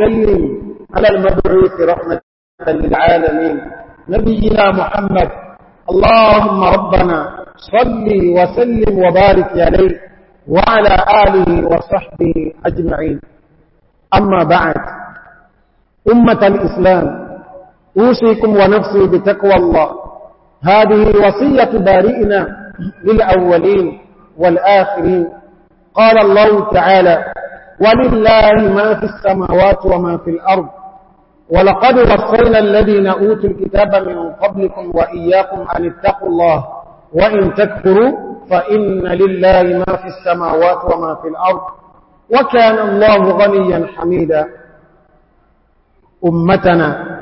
وسلم على المبعوث رحمة للعالمين نبينا محمد اللهم ربنا صل وسلم وبارك عليه وعلى آله وصحبه أجمعين أما بعد أمة الإسلام أوصيكم ونفسي بتقوى الله هذه وصية بارئنا للأولين والآخرين قال الله تعالى ولله ما في السماوات وما في الأرض ولقد وصينا الذين أوتوا الكتاب من قبلكم وإياكم أن اتقوا الله وإن تكفروا فإن لله ما في السماوات وما في الأرض وكان الله غنيا حميدا أمتنا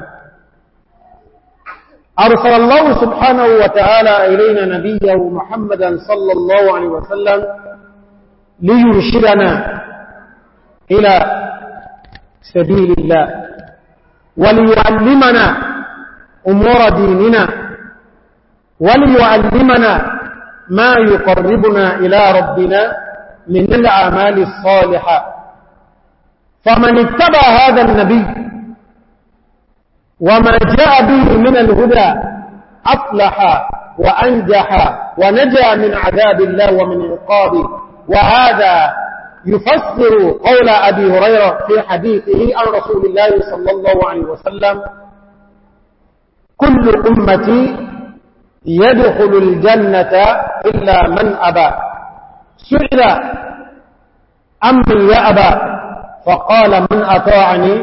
أرسل الله سبحانه وتعالى إلينا نبيه محمدا صلى الله عليه وسلم ليرشدنا إلى سبيل الله وليعلمنا أمور ديننا وليعلمنا ما يقربنا إلى ربنا من الأعمال الصالحة فمن اتبع هذا النبي وما جاء به من الهدى أطلح وأنجح ونجى من عذاب الله ومن عقابه وهذا يفسر قول أبي هريرة في حديثه عن رسول الله صلى الله عليه وسلم كل أمتي يدخل الجنة إلا من أبى سئل يا يأبى فقال من أطاعني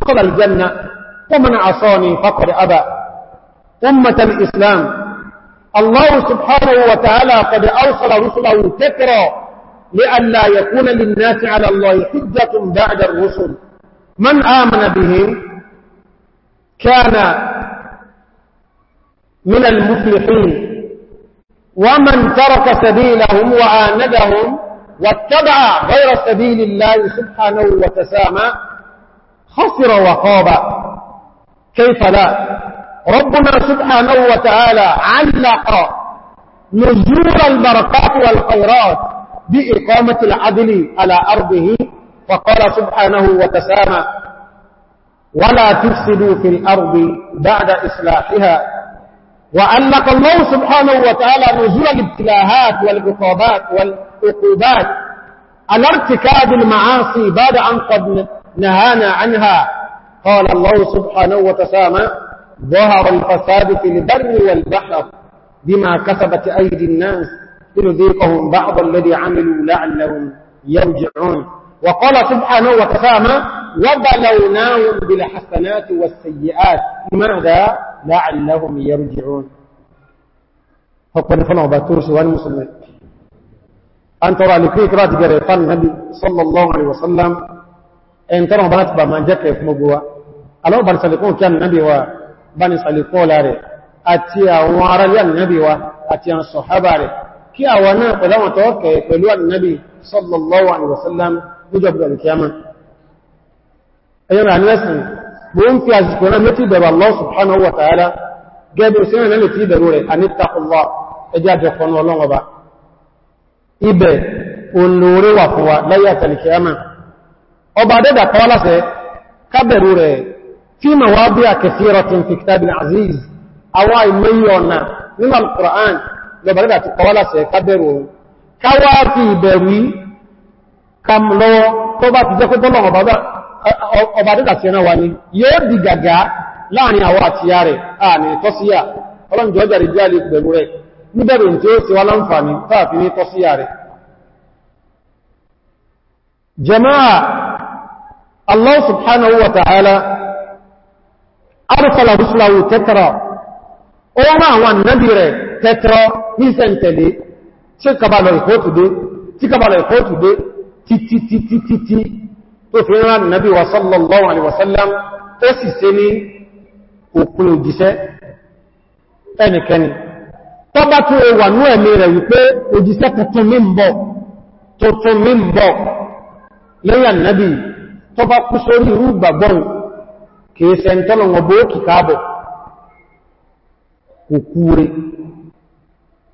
دخل الجنة ومن عصاني فقد أبى أمة الإسلام الله سبحانه وتعالى قد أرسل رسله كثرا لئلا يكون للناس على الله حجة بعد الرسل من آمن بهم كان من المفلحين ومن ترك سبيلهم وعاندهم واتبع غير سبيل الله سبحانه وتسامى خسر وخاب كيف لا ربنا سبحانه وتعالى علق نزول البركات والخيرات بإقامة العدل على أرضه فقال سبحانه وتسامى ولا تفسدوا في الأرض بعد إصلاحها وألق الله سبحانه وتعالى نزول الابتلاهات والعقوبات والعقوبات على ارتكاب المعاصي بعد أن قد نهانا عنها قال الله سبحانه وتسامى ظهر الفساد في البر والبحر بما كسبت أيدي الناس لنذيقهم بعض الذي عملوا لعلهم يرجعون وقال سبحانه وتسامى وبلوناهم بالحسنات والسيئات ماذا لعلهم يرجعون فقال فنعوا باتور والمسلمين أن ترى لكي كرات قريطان النبي صلى الله عليه وسلم أن ترى بنات بما جاك يفمقوا ألو بني صليقون كان النبي وبني صليقون لاري أتيا وعرليا النبي وأتيا الصحابة لاري kí àwọn náà pẹ̀lú àwọn tọ́ọ̀kẹ̀ pẹ̀lú ànábì sallallahu alaihi wasallam lójọ̀bọ̀ alìkíyàmá ẹ̀yọ́nà àníẹ́sìn bó ń fi àsìkò náà létí ìbẹ̀rù Allah subhanahu wa ta'ala gẹ́bẹ̀ sí ẹ̀nà létí ìbẹ̀rù rẹ̀ anítàkùnlá ẹjá jẹkọ̀nù ọlọ́wọ́ba ibẹ̀ olóore wà fún wa láyé àtàlìkíyàmá ọba adẹ́dà kọ́lásẹ̀ kábẹ̀rù rẹ̀ fi mawadi'a kathiratin fi aziz àwọn ìmẹ́yọ̀nà nínú al lọ́bàrẹ́dà ti kọwàlásẹ̀ kábẹ̀rù ohun káwà fi ìbẹ̀rù kam lọ́wọ́ tó bá ti jẹ́ pé bọ́lọ̀ ọba dídà ti ẹran wà ní yóò di gàgá láàrin àwọn àti ya rẹ̀ àní tọ́síyà ọlọ́njọ́ jàrí jẹ́ alẹ́ pẹ̀lú rẹ̀ ó máa wọn nábi rẹ̀ pẹ́tọ́ ní sẹ́ntẹ̀lé ṣe kàbàlọ̀ ìkóòtùdé tí kàbàlọ̀ ìkóòtùdé títítítítí tó fi rán nàbí wa sallallahu alaihi wasallam ó sì ṣe ní òkun òjíṣẹ́ ẹnikẹni tó bá tún wà ní ẹ̀mí rẹ̀ wípé òjíṣẹ́ tuntun mí ń bọ̀ tuntun mí ń kú sórí irú gbàgbọ́n kìí sẹ́ntọ́lọ̀ bó kìkàbọ̀ kò kúre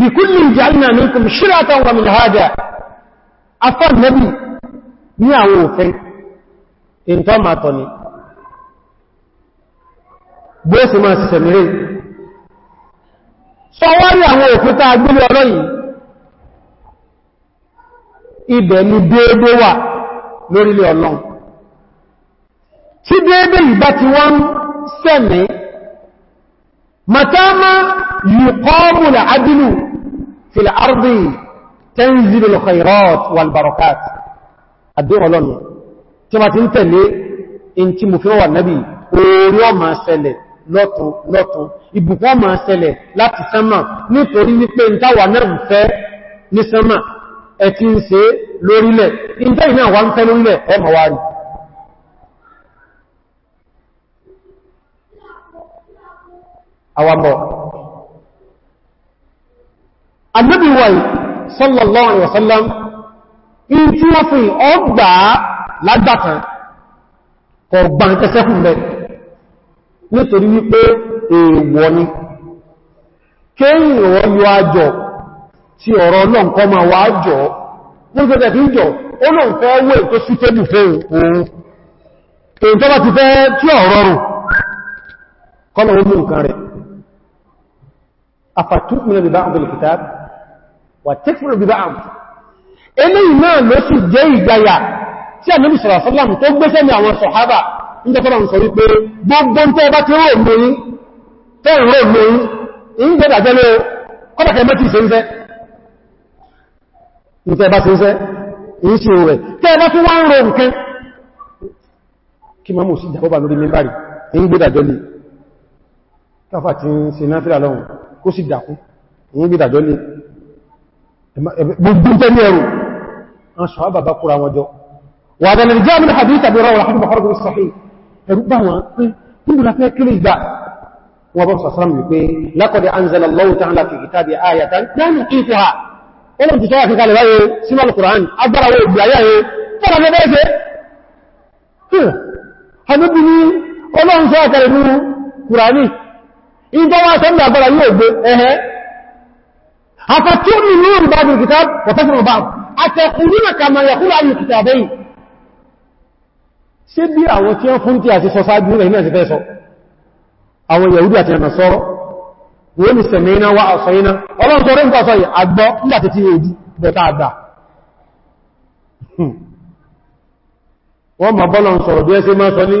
لكل جعلنا منكم شرعة ومن هذا أفضل نبي ní àwọn òfin ìntọ́ máa tọ̀ ní bó sì máa sì sẹ̀mìrì sọwárí àwọn òfin tàà gbílé ọ̀rọ̀ yìí ibẹ̀ ni déédé wà lórílẹ̀ ọlọ́run tí déédé ti wọ́n sẹ́mìí متاما يقام العدل في الأرض تنزل الخيرات والبركات الدور لون كما تنتلي انت مفيوة النبي orí ma ṣẹlẹ̀ lọ́tún lọ́tún ìbùkún ma ṣẹlẹ̀ láti sánmà nítorí wípé ń táwà náà ń fẹ́ ní sánmà ẹ̀ tí ń ṣe lórílẹ̀ ìjẹ́ ìná wà ń fẹ́ lórílẹ̀ ẹmọ̀wárí àwàbọ̀ àdúbìwàì sallallahu alaihi wasallam in tí wọ́n fi ọgbà lágbàtà ọgbà ń tẹ́sẹ́kù mẹ́ nítorí wípé èèwọ̀ ni kéyìn yọ àjọ tí ọ̀rọ̀ ma wà jọ ní ìgbẹ̀tẹ̀ fi ń jọ ó náà fẹ́ owó ètò sí ti أفتؤمن ببعض الكتاب وتكفر ببعض eléyìí náà ló sì jẹ́ ìgbàyà tí ànábì sallallahu alaihi wasallam tó gbéṣẹ́ ní àwọn sọ̀hábà ní jẹ́ fọ́nà sọ wípé gbogbo tó bá ti rò mẹ́rin tó rò mẹ́rin ń gbẹ́dà jẹ́lé kọ́bàkẹ́ mẹ́tì ìṣẹ́ ìṣẹ́ bá ṣe iṣẹ́ ìṣẹ́ rẹ̀ tẹ́ bá tún kó sì dákú èyí bí ìdàjọ́ lè gbogbo tẹ́lẹ̀ ẹ̀rù an sọ àbàbà kúra wọn jọ wà bẹ̀rẹ̀ jẹ́ àmì hadith àbí rọwà hadith bàkọ́rọ̀ gbogbo sọ̀hí ẹ̀rù bá wọn pé níbi la fẹ́ kílè ìgbà wọn bọ́ sọ̀sọ́rọ̀ mi pé laqad anzala Allahu ta'ala fi kitabi ayatan lẹ́nu Ndị wá sọ́dọ̀ na kàmà yàkúrò ayò kìtà bẹ́yìn sí bí àwọn tí ó fún tí a ti sọ ya rẹ̀ náà ti fẹ́ sọ àwọn Yahudi àti ẹ̀nà sọ́rọ̀ wọ́n ni sẹ̀mẹ́ná wá ọ̀sọ̀yíná ọlọ́run sọ rẹ̀ i, pàṣọ àgbọ́ nígbà tí ti èdú bẹ̀ta àgbà wọ́n ma bọ́lọ̀ sọ̀rọ̀ bí ẹ́ sí sọ ní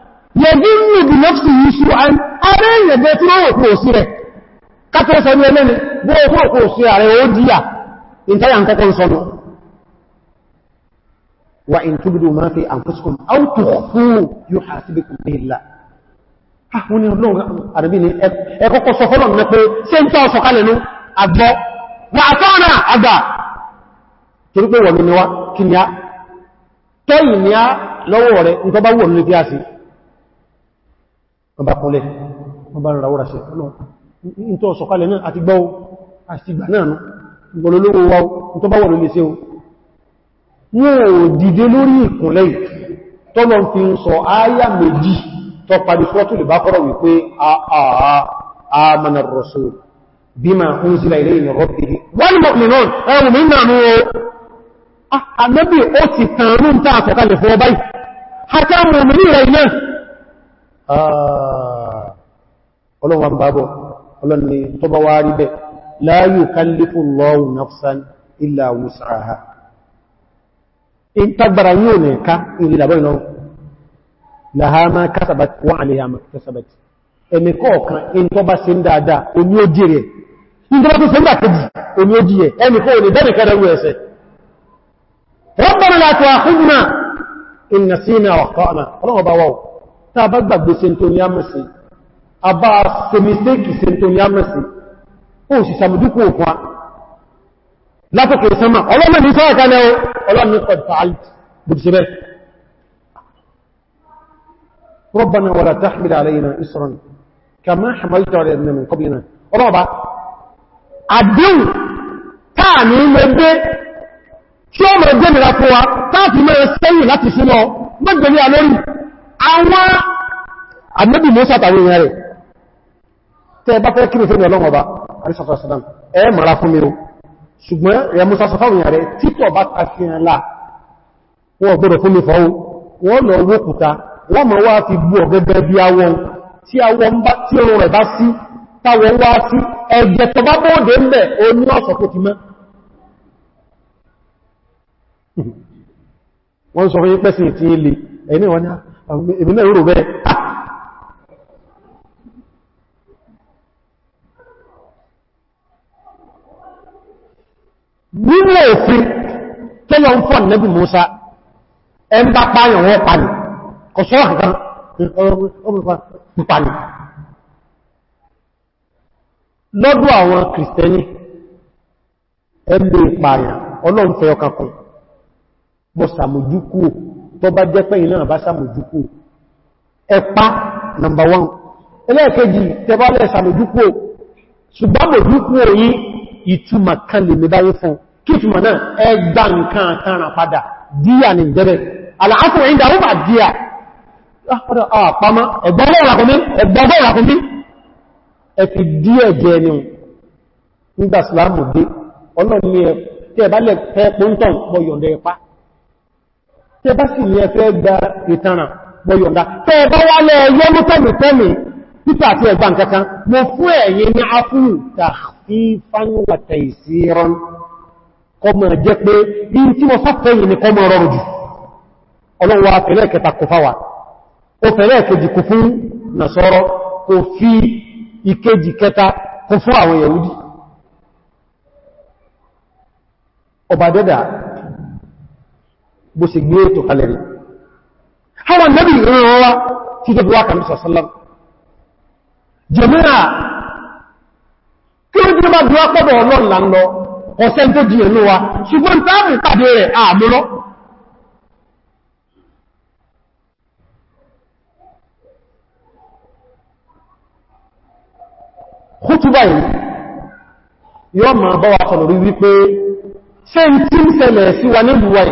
yẹ̀dínlù bí lọ́pùsù yìí ṣú àrí ààrẹ ìyẹ̀dẹ̀ tí wọ́n òkú òsí rẹ̀ kátẹ́sẹ̀ ní ẹlẹ́ni bó òkú òkú òsí ààrẹ ó díyà ìtayà ń kọ́kọ́ sọ́nà wà in túbìdì ma fi àǹfẹ́sùkùn áùtù fún yóò hasibikum billah lọ́wọ́ rẹ̀ ní tọ́bá wọ̀ ní kí á sí wọ́n bá kúnlẹ̀ wọ́n bá ń rawọ́ra ṣe ọlọ́run tó sọ̀kalẹ̀ náà àti gbọ́ àti ìgbà náà gbọ́lọ́lọ́wọ́ wá tó bá wọ̀lú léṣe wọ́n ò dìde lórí ìkúnlẹ̀ tọ́lọ fi ń sọ áyà méjì tó parí fọ́tù lè bá kọ́rọ̀ wípé àmànà rọ̀sọ̀ bí ma ń sílẹ̀ ilé ìyàn rọ́pìrí wọ́n mọ̀ nínú ẹwùn mí nàánú o ah, àmẹ́bí ó ti tàn rúntà àkọ̀kalẹ̀ fún ọbáyì Ah. ọlọ́wọ́ bàbọ̀ ọlọ́ni tó bá wá rí bẹ́ la yukallifullahu nafsan illa wus'aha in tagbara yóò ní ká ìrì làbọ̀ ìlọ́ laha ma kasabat wa 'alayha ma kasabat ẹni kọ̀ọ̀kan in tó bá ṣe ń dáadáa oní ó jẹ́ rẹ̀ in tó bá tó ṣe tá bá gbàgbé sentoniamasi a bá semisteki sentoniamasi ó sì sàmùdúkù òkun a látọ̀kọ̀ ìsánmà ọlọ́mọ̀ ní sọ́rọ̀ kan lẹ́wọ́ ọlọ́mọ̀ ní kọ̀dùfà alìtì bùdìṣẹ́ bẹ́ ربنا ولا تحمل علينا إسرا كما حملت على الذين من قبلنا ربا àdéhùn táà ní mẹ́gbẹ́ tí ó mẹ́gbẹ́ mìíràn fún wa táà fi mẹ́rẹ sẹ́yìn láti súnmọ́ mẹ́gbẹ̀ẹ́ ní alórí àwọn ànábì Mùsá tàwọn èèyàn rẹ̀ tẹ́ bá fẹ́ kírò fẹ́mi ọlọ́run ọba àrísàtàsàdán ẹ mara fún mi o ṣùgbọ́n rẹ̀ Mùsá sọ fáwọn èèyàn rẹ̀ títọ̀ bá tàfihàn lá wọ́n gbọ́dọ̀ fún mi fọ́wọ́ wọ́n lọ owó kùta wọ́n mọ̀ wá fi bú ọ̀gẹ́gẹ́ bí awọ́n tí oòrùn rẹ̀ bá sí táwọn sọ fún yí pẹ́sìn ìtì ilé ẹni wọ́n ní èmi náà rò bẹ́ẹ̀ nílẹ̀ òfin tọ́lọ ń fọ́n nẹ́bì Musa ẹn bá páyàn wọ́n pàlì ọ̀sọ́ àkàkàn pàlì lọ́dọ̀ àwọn kìrìsìtẹ́nì ẹn lè pààyàn ọlọ́run fẹ́ ọkàkùn mọ́sàmójúkú tó bá jẹ́ pẹ́yìn náà bá sàmójúkò ẹ̀pá number one ẹlẹ́ẹ̀kejì tẹbálẹ̀ sàmójúkò ṣùgbọ́n mòjúkò yí ìtumà kan lè mẹ́báyé fún kí ìtumà náà ẹgbà nǹkan àkàrà padà díyà ní ìjẹ́rẹ̀ aláàfún ìdá ó bà díyà àpamọ́ ẹgbọ́n ọ̀rọ̀ tẹ bá sì yẹ fẹ́ gba ìtanràn gbọ́yọ̀nda tẹ bá wà lẹ yẹ mú tẹ́mì tẹ́mì títà àti ẹgbà nkankan mo fún ẹ̀yẹ ní afúrù takhfifan wa taysiran kọmọ̀ jẹ́ pé bí tí mo sáfẹ́yìn ní kọmọ̀ rọrù jù ọlọ́wọ́ afẹ́lẹ́ kẹta kò fáwà ó bó sì gbé ètò kalẹ̀ rí. Àwọn nẹ́bì ìrànwọ́ tí tó bí wá kàmí sọ̀sọ́lọ́m. Jẹ̀míra, kí O bí máa bí wá pọ́bọ̀ ọlọ́run ọ̀sẹ́ tó di ẹ̀lú wa, ṣùgbọ́n táàmù pàdé rẹ̀ àmúrọ́. Kútúbà yìí, yọ́ máa bọ́ wa sọ̀rọ̀ rí wípé, ṣe ń tí ń ṣẹlẹ̀ sí wa nílùú yìí,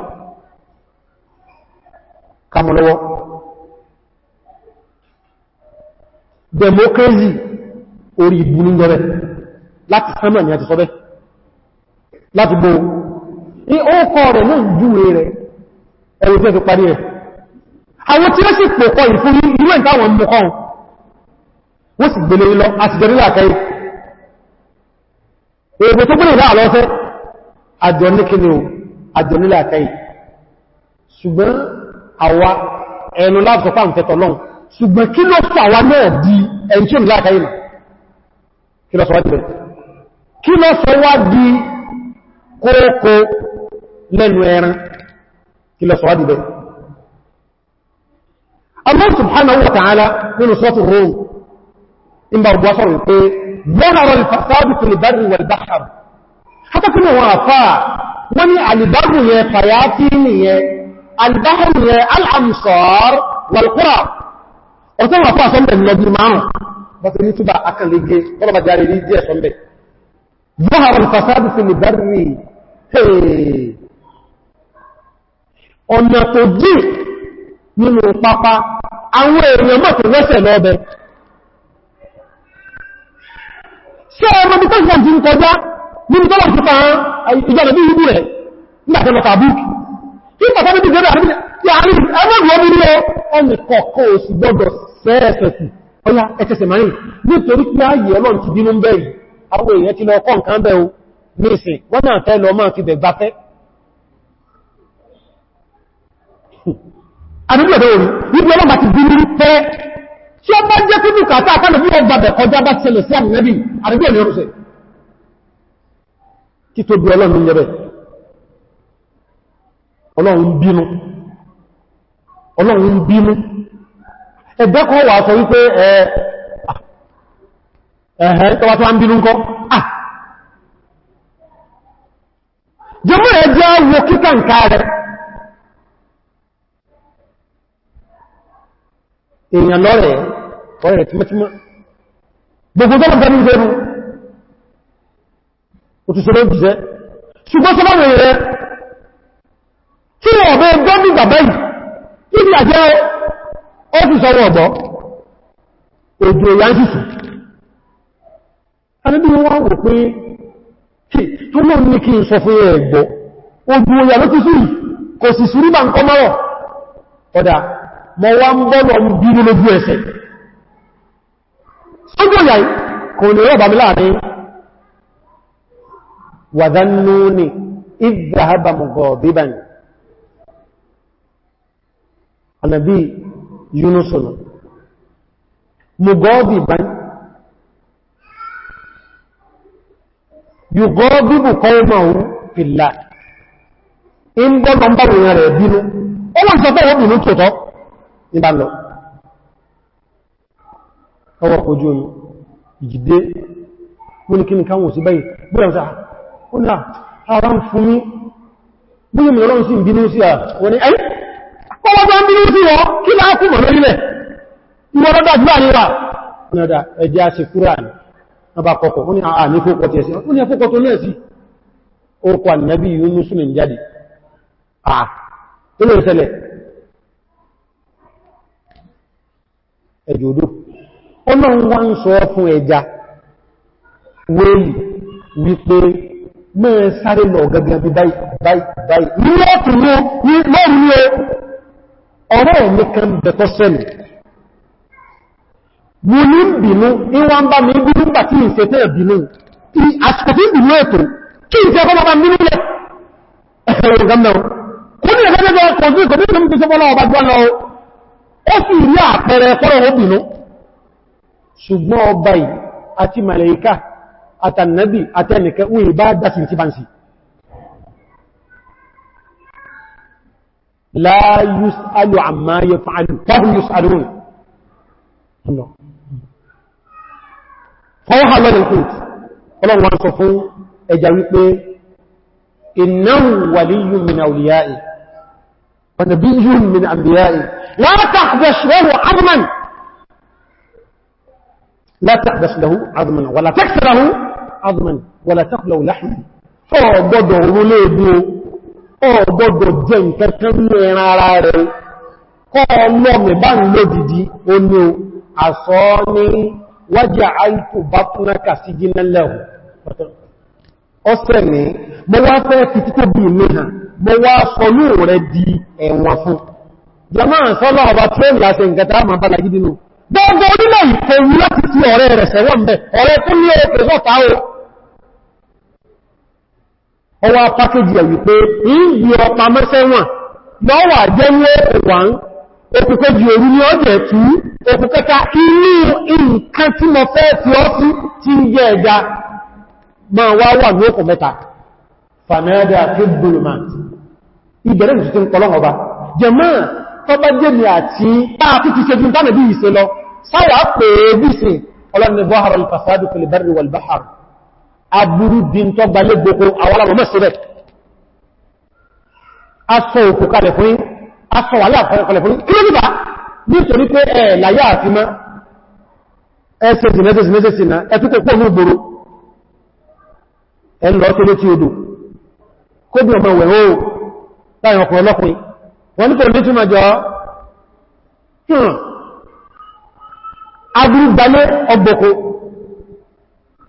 kámọ́ lọ́wọ́ democracy orí ìbú ní jọrẹ láti sánmà ní àti sọ́bẹ́ láti bó ní ó kọ́ rẹ̀ náà júwé rẹ̀ ẹ̀rù tí ó ti parí rẹ̀ àwọn tí ó sì pòkọ́ ìfún ní ilé ìtàwọn mọ́kàn wọ́n sì gbélé lọ àti jẹ́ nílà kẹ́ èèbò tó gbélé láà lọ́fẹ́ àjọ ní kíni o àjọ nílà kẹ́ àwa ẹnu láti sọpá ń fẹ́tọ̀ lọ́n ṣùgbọ́n kí ló sọ àwa náà di ẹni tí ó nílá àkáyìmà kí ló sọ wá di bẹ̀rẹ̀ kí ló sọ wá lẹ́nu ẹran kí ló sọ bẹ̀rẹ̀ Allah subhanahu wa nínú sọ́tù Rum albahar yẹ al'amsar walkura ọ̀tọ́ wà fún àsọ́mbẹ̀ lọ́bí márùn bá ti ní túbà akan lè gẹ ọlọ́bà jari rí díẹ̀ sọ́mbẹ̀ yóò fasadu fi lè bẹ̀rẹ̀ ọ̀nà tó dì nínú pápá àwọn èèyàn mọ́ tó wẹ́sẹ̀ lọ́bẹ̀ ṣe ọmọ bí tọ́jú àti ń kọjá nínú ìpàtàkì ti gẹ́rẹ́ àríbìnà tí a rí ẹgbẹ́gbẹ́ ọmọ ilé ọmọ kọ̀ọ̀kọ́ oṣù gbọ́dọ̀ sẹ́ẹ̀sẹ̀sì ọya ẹ̀tẹ̀sẹ̀ mẹ́rin nítorí pé ayé ọlọ́run ti bínú bẹ̀rẹ̀ àwọn èèyàn ti lọ kọ́ nǹkan bẹ̀ o nísìn wọ́n náà fẹ́ lọ máa fi bẹ̀ gbafẹ́ tí ó bá jẹ́ tí bùkátà àkànà bí wọ́n gbàbẹ̀ kọjá bá ṣẹlẹ̀ sí àmì nẹ́bí àrígbẹ̀ ìlú ọ̀rùsẹ̀ tí tó bí ọlọ́run yẹ bẹ́ẹ̀ ọlọ́run bínú ọlọ́run bínú ẹgbẹ́ kan wà sọ wípé ẹ̀ẹ̀ẹ́ tọwà tó wá ń bínú kọ́ ah jẹmọ́ ẹ jẹ́ wo kíkà nǹka rẹ̀ èèyàn lọ́rẹ̀ ọ̀rẹ̀ tímọ́tímọ́ gbogbo tó lọ́gbẹ́ ní ìgbẹ̀rún òtùsọ́rọ̀ òjìṣẹ́ ṣùgbọ́n sọ́bọ̀rẹ̀ rẹ̀ tí wọ́n bẹ́ gọ́ọ̀mù bàbá yìí níbi àti ọ́fíìsì ọ̀bọ̀ òjò ìyánsìsì anábí wọ́n wò pé tó lọ ní kí n sọ fún ẹ̀gbọ́ ojú òyà ló ti kò sì sí ma nǹkan mọ́rọ̀ ọ̀dà mọ́ wá ń bọ́lọ̀ ń bí ní lójú ẹsẹ̀ kò rọ̀ annabi yunusunu mugadiban yugadibu qawmahu fillah in bo ban ba wọn rẹ̀ bínú o won sọ pé o bínú toto ni ba lọ owo ojú omi ijide mo ní kíni kan wo sí báyìí bo yan sa o ara ń fún mi bí mi Ọlọ́run sì ń bínú sí a ah, woni ọlọ́gbà ń bínú sí wọn kí láà fún mọ̀ lórílẹ̀ ìwọ̀lọ́dà jùlọ àríwá ọlọ́run wá ń sọ fún ẹja wéèlì wípé mẹ́rin sáré lọ gẹ́gẹ́ bí báyìí báyìí báyìí ní ọkùnrin ní lọ́rùn ní ọ̀rọ̀ mi kan bẹ̀tọ́ sẹ́lẹ̀ mo ní bínú ìwọ̀n bá mi bínú bà tí ìfẹ́tẹ́ bínú àsìkò tí bínú ètò kí ìfẹ́ ọkọ́ bá bínú lẹ ẹ̀rọ gọ́mọ̀ kó ní ẹgbẹ́gbẹ́ ọkọ̀ sí ìkọ̀ bínú tó sọ́fọ́lọ́ ọba gbọ́ lọ ó sì rí àpẹẹrẹ ẹ̀kọ́rọ̀ ó bínú ṣùgbọ́n ọba yìí àti màlẹ̀ríkà لا يسأل عما يفعل فهم يسألون فوحى الله للقوت قال الله صفو اجاوك إنه ولي من أوليائي ونبي من أنبيائي لا تحدث له عظما لا تحدث له عظما ولا تكسره عظما ولا تخلو لحما فهو بدعو ليبو ọgbọ́gbọ̀ jẹ nǹkankan ní ẹran ara rẹ̀ kọ́ ọlọ́mẹ̀ bá ń lò dìdí oní o àsọ ní wájá àìkò bá túnná kà sí jíná lẹ́wù ọ́sẹ̀ ní wá fẹ́ di ẹ̀wọ̀n fún jẹmọ́ sọ́lọ́ ọba tí ó ń gidi nù gbọ́gbọ́ orílẹ̀ ìkòrú láti ti ọ̀rẹ́ rẹ̀ sẹ́wọ́n bẹ́ ọ̀rẹ́ tó ọwá pákéjì ẹ̀ wípé ìbí ọpa mẹ́sẹ́wọ̀n lọ́wà jẹ́ ní ẹ̀wọ̀n òkùnkẹ́jì orí ní ọjẹ́ tí òkùnkẹ́ta inú nǹkan tí mọ fẹ́ tí ó sí tí ń jẹ́ ẹja ma wá wà ní ọkọ̀ mẹ́ta fanada kébùlùmáà ìbẹ̀rẹ̀ mùsùn tí ń kọlọ́ ọba jẹ̀mọ́ tó bá jẹ́ mi àti aburú di tó gbalé gbogbo àwọn ọmọ mẹ́sílẹ̀ aṣọ òkú kalẹ̀ fún aṣọ wà láàkọlẹ̀ fún kí ló nípa nítorí pé ẹ̀ láyá àti mọ́ ẹsẹ̀ ìsinẹ́sẹ̀sìnà ẹtúkọ̀ pọ̀ ní ìgboro ẹ lọ tó létí odò kó bí ọmọ wẹ̀ ó láàrin ọkùnrin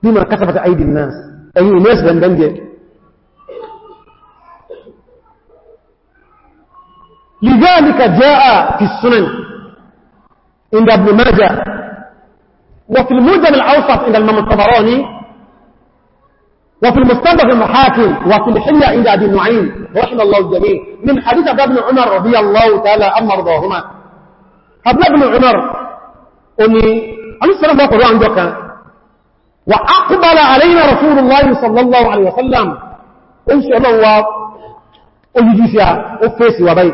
بما كسبت أيدي الناس أي الناس بندن لذلك جاء في السنن عند ابن ماجا وفي المجم الأوسط عند المام الطبراني وفي المستدف المحاكم وفي الحلة عند أبي النعيم رحمه الله الجميع من حديث أبي ابن عمر رضي الله تعالى أم رضاهما عبد ابن عمر أني عليه السلام بقى قرآن جوكا وأقبل علينا رسول الله صلى الله عليه وسلم إن شاء الله هو أجدي فيها أفسي وبي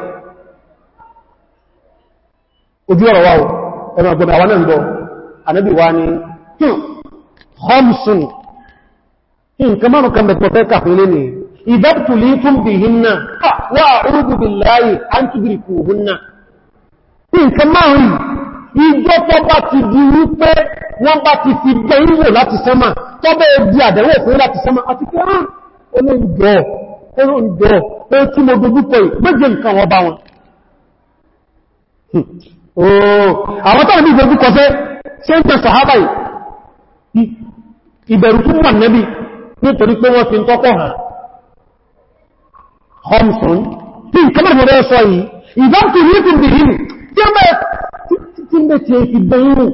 أجدي رواه أنا أقول أولا أنه أنبي واني خمس إن كما نكم بتوتيك أخليني إذا ابتليتم بهن وأعوذ بالله أن تدركوهن إن كما هم ìjọ tó bá ti di wípé wọ́n bá ti fi gbé ìwò láti sánmà tó bẹ́ di àdẹ̀wò fún láti sánmà àti pé rán ah, olóòjọ́ olóòjọ́ ó tí mo dojúkọ ìgbẹ́jẹ̀ nǹkan wọ́n bá wọn hmm. oh, àwọn tó ní ìgbẹ́júkọ fẹ́ ṣe ń tẹ́ sàhábà ìbẹ̀rù tún wà nẹ́bí nítorí pé wọ́n fi ń tọ́kọ̀ hàn Homson tí nǹkan mẹ́rin rẹ̀ sọ tí ó mẹ́ tí ń fi bẹ̀rù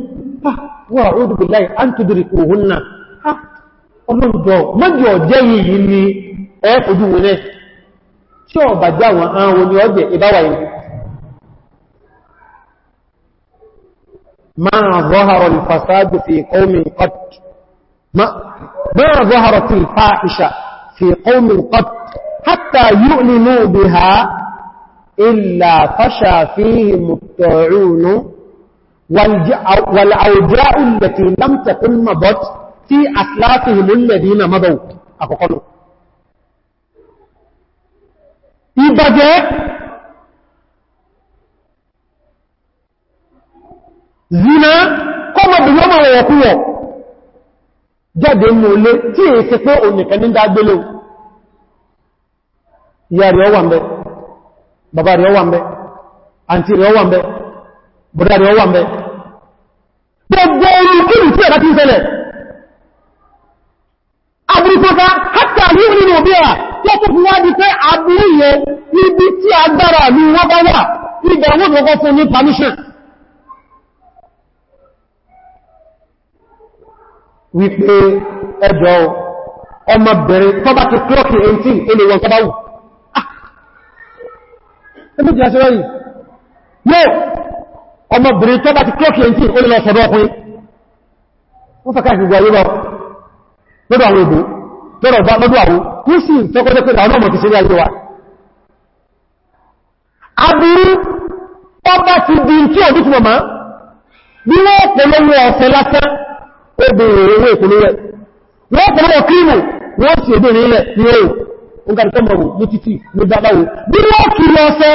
wà ọdún láì án tó náà ọlọ́dọ̀ mọ́jọ jẹ́ yìí ni ẹ́kùdú wọn tí ọ bà já wọn àwọn oní ọjẹ́ ìbáwà yìí máa zọ́hàrọ̀ ìfàsáàdù qawmin والعوجاء التي لم تكن مضت في أسلافهم الذين مضوا أقول ìbàjẹ́ zina kọmọdún lọ́mọ ọ̀wọ̀ kúwọ̀ jáde mú olé tí è ṣe pé ònìkan ní dágbélé ìyá rẹ̀ ọwà ń bẹ bàbá rẹ̀ ọwà ń bẹ bọ̀dá rẹ̀ wà mẹ́ gbogbo orí kìrì tí ẹ̀dá tí ń ṣẹlẹ̀ agbúrúfọ́fá hátà ní orí nínú bíra tí ó fún wá di pé agbúrú yẹ níbi tí agbára ní wọ́n bá wà nígbà wọ́n tó kọ́ fún ní permission wípé ẹjọ́ ọmọbìnrin tó bá ti klọ́kì 18 ilé wọn tó bá wù ah! ọmọbìnrin tó bá ti klọ́kì ẹ̀ntì ó lè lọ sọ́dọ̀ ọkùnrin wọ́n fẹ́ káàkiri gbà yílọ lọ́dọ̀ àwọn ìbò lọ́dọ̀ ọba lọ́dọ̀ àwọn kú sí tọ́kọ́jẹ́ pé àwọn ọmọ ti ṣe ní ayé wa aburú ọba ti di tí ọdún tí mọ̀má bí wọ́n pẹ̀lọ́wọ́ ọ̀fẹ́ lásán obìnrin owó ìpínlẹ̀ wọ́n pẹ̀lọ́wọ́ kírìmù wọ́n sì obìnrin ilẹ̀ ní oòrùn nǹkan tó mọ̀rùn ní títì ní dábáwò bí wọ́n kiri ọ̀fẹ́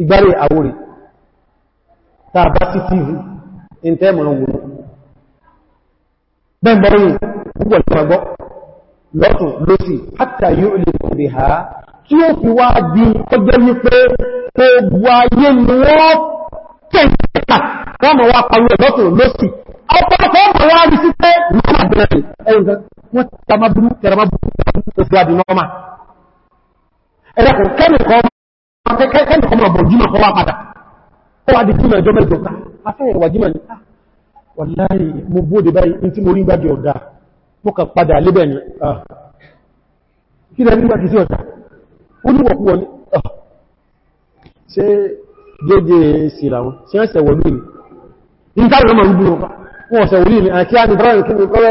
ìgbárí àwórì tàà bá sí tv in tẹ́ mọ̀ràn wòrò bẹ́ẹ̀ bọ́rin púpọ̀ lọ́wọ́ gbọ́ lọ́tún lọ́sí hátà yóò lè kòrè ha tí ó fi wá di ọjọ́ wípé ogun ayé ni wọ́n tẹ́ẹ̀kà wọ́n mọ̀ wá pàlú ẹ̀ lọ́tún lọ́sí ọ̀pọ̀lọpọ̀ ọmọ wá rí sí pé lọ́nà bẹ̀rẹ̀ ẹ̀yìnkan wọ́n tẹ́ramaburu tẹ́ramaburu tó fi adìnà ọmọ ẹ̀rẹ́kùn kẹ́mìkọ́ kẹ́kẹ́kẹ́ ọmọ ọ̀bọ̀ jímọ̀ kọ́ wá padà ó wá di jímọ̀ ẹjọ́ mẹ́jọ ká afẹ́ẹ̀wà jímọ̀ ní wàláyé mo bóde báyìí tí mo rí gbájẹ̀ ọ̀dá mo kà padà lébẹ̀ ni kí lẹ́ nígbà kìí sí ọ̀tà ó ní wọ̀kú wọn ṣe dédé síra wọn ṣe ń sẹ̀wọ̀ lórí ní káàkiri ọmọ ìgbìmọ̀ wọn sẹ̀wọ̀ lórí ni àkíyà ní bọ́rọ̀ ìkíni kọ́rọ̀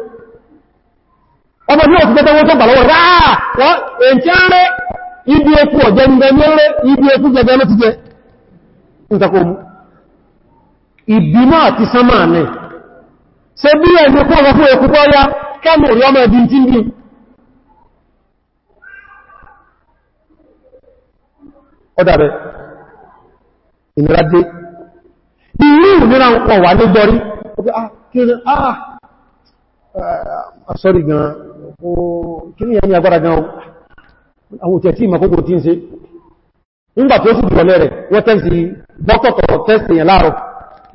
ọmọ tí ó ti tẹ́tẹ́wọ́ tó pàlọ́wọ́ ráà wọ́n èyí á rẹ̀ ibi eku ọ̀jẹ́ ń gẹ́ni rẹ̀ ibi eku jẹgẹ́ ló ti jẹ ìtàkùnmù ìbímọ̀ àti sánmà nẹ̀ ṣe bí ẹni kú ọmọ fún eku pọ́ọ́yá kẹ́mù ah, ah, ah, ah sorry gan kíní ẹni agbára gan àwọn òtẹ̀ tí ìmọ̀kókò tí ń ṣe nígbà tí sì dìbọ̀lẹ̀ rẹ̀ wọ́n tẹ́sì dọ́kọ̀tọ̀ tẹ́sì yẹn láàrọ̀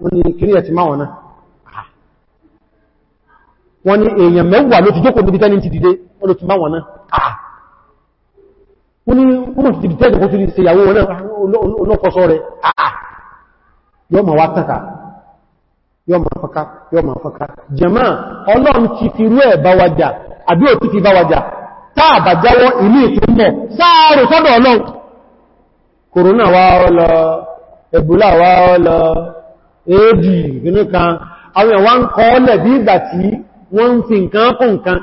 wọ́n ni kíní ya ti máa ah. wọ́n ni èèyàn mẹ́wàá ló ti ti dìde wọ́n ló ti máa wọ̀ná ah. wọ́n ni wọ́n ti dìde tẹ́jọ tó ti wọn olókọsọ rẹ̀ ah. yọ́ ma wá tàkà yọ́ ma faka yọ́ ma jẹ́mà ọlọ́run ti fi rú ẹ̀ àbí òtí ti bá wàjà táà bà jáwọ́ ilé ìpínlẹ̀ sáàrù sọ́dọ̀ kòrónà wá ọlọ ẹ̀bùlà wá ọlọ èèdì nìkan àwọn ẹ̀wà ń kọ́ bí ìgbà tí wọ́n ń fi nǹkan kún nǹkan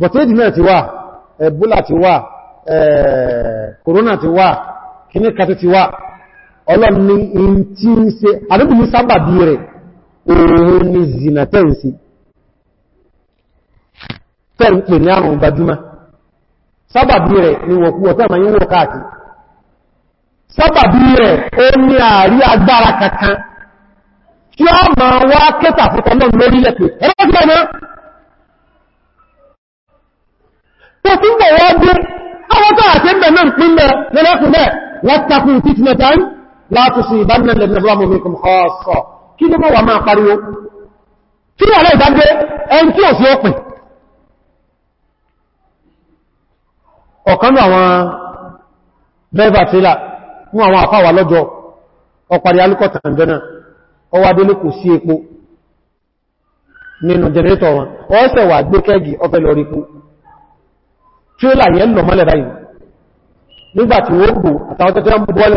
bọ̀tẹ́dì náà ti wà ẹ̀bùlà ti wà kòrónà ti wà kìníkà ti wà ọlọ́run ni tẹ́rù pè ní àrùn gbajúmá sábàbí rẹ̀ ni wọ́n kú ọ̀tẹ́ àmàyí wọ́n káàkiri sábàbí rẹ̀ ó ní ààrí agbára kankan kí ó ma wá kẹta fúnkọ náà lórí lẹ́pẹ̀ Kí ló mọ́ wà máa pariwo? Kí ni àlẹ́ ìdágbé ẹni tí ò sí ọ̀pìn? ọ̀kanú àwọn driver trailer fún àwọn àfáwà lọ́jọ́ ọparí alúkọ̀tà ìjọna ọwá délé kò sí epo nínú jẹnẹrétọ̀ wọn ọ́sẹ̀ wà gbé kẹ́gì ọfẹ́ lọ rípo trailer yẹn lọ mọ́lẹ̀ báyìí nígbàtí wọ́n gbò àtàwọn tẹ́tẹ́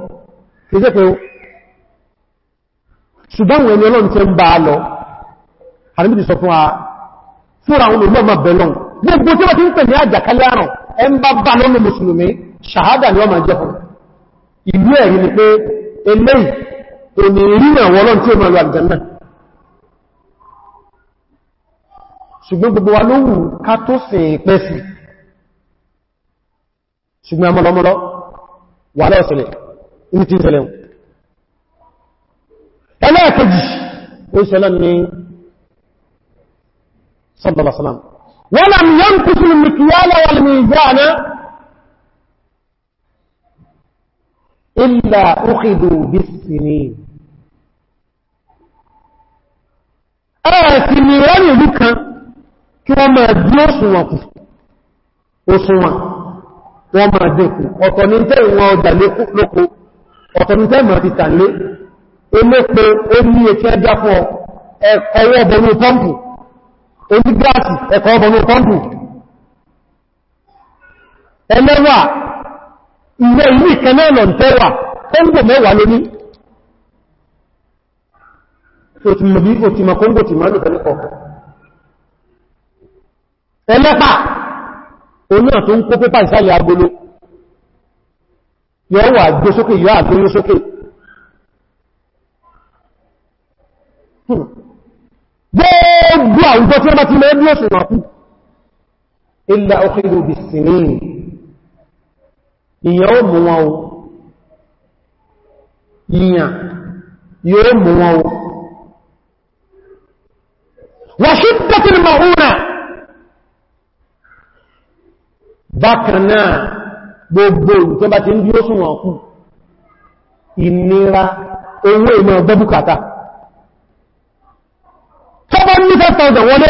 kìí sẹ́fẹ́ o ṣùgbọ́n ẹni ọlọ́run tẹ́ ń bá a lọ àríbìtì sọ fún a fúra àwọn olùgbọ́mà bẹ̀lọ́n gbogbo tí wọ́n ti ń pè ní àjàkálẹ̀ àrùn ẹ ń bá bá lọ́nà mùsùlùmí ṣàhádà ni wọ́n máa jẹ́ fún ìlú ẹ̀rí ni pé eléyìí òní ìrìnà àwọn ọlọ́run tí ó máa lọ àjẹ́mẹ́ ṣùgbọ́n gbogbo wa ló wù ká tó sìn pẹ́sì ṣùgbọ́n ọmọlọmọlọ wà lọ́ọ̀sẹ̀lẹ̀ ní ti ṣẹlẹ̀ ẹlẹ́ẹ̀kejì ó ṣẹlẹ̀ ní sọ́bọ̀lọ́sọ́lám wọ́n làm yán kúsù mìkìyàlá wà ní ìjáàná ìlà òkèdò bìsìnì ẹ̀ẹ̀sì ni wọ́n ní ìlú kan kí wọ́n máa wọ́n máa dẹ́kù ọ̀tọ̀ ní tẹ́ ìwọ̀n ọjà lókòó ọ̀tọ̀rùntẹ́ mọ̀ ti tàlé olóòpé ó ní ètí ẹjá fún ẹ̀kọ́wọ́ ọbọ̀nú pọ́mpù onígbàtí ẹ̀kọ́ ọbọ̀nú pọ́mpù ẹlẹ́wà ilé ilé ìkẹ́lẹ́lọ̀ tẹ́wà kóngò mẹ́wàá lóní ẹlẹ́pà olóòtún kó pépà yọ wà gbé sókè yọ àgbéyó sókè hmm. gbogbo àwùjọ tí wọ́n bá ti mẹ́ bí òṣùn àkú ilẹ̀ òkèrò bí sinmi ìyàn ó mú wọn o ìyàn yóò mú wọn o wàṣípẹ́tì mọ̀húnà bákanáà gbogbo tó bá ti ń dúró sùn wọn kún ìnira owó ìmọ̀ ọgbẹ́bùkátà tó bá ní 5,000 wọlé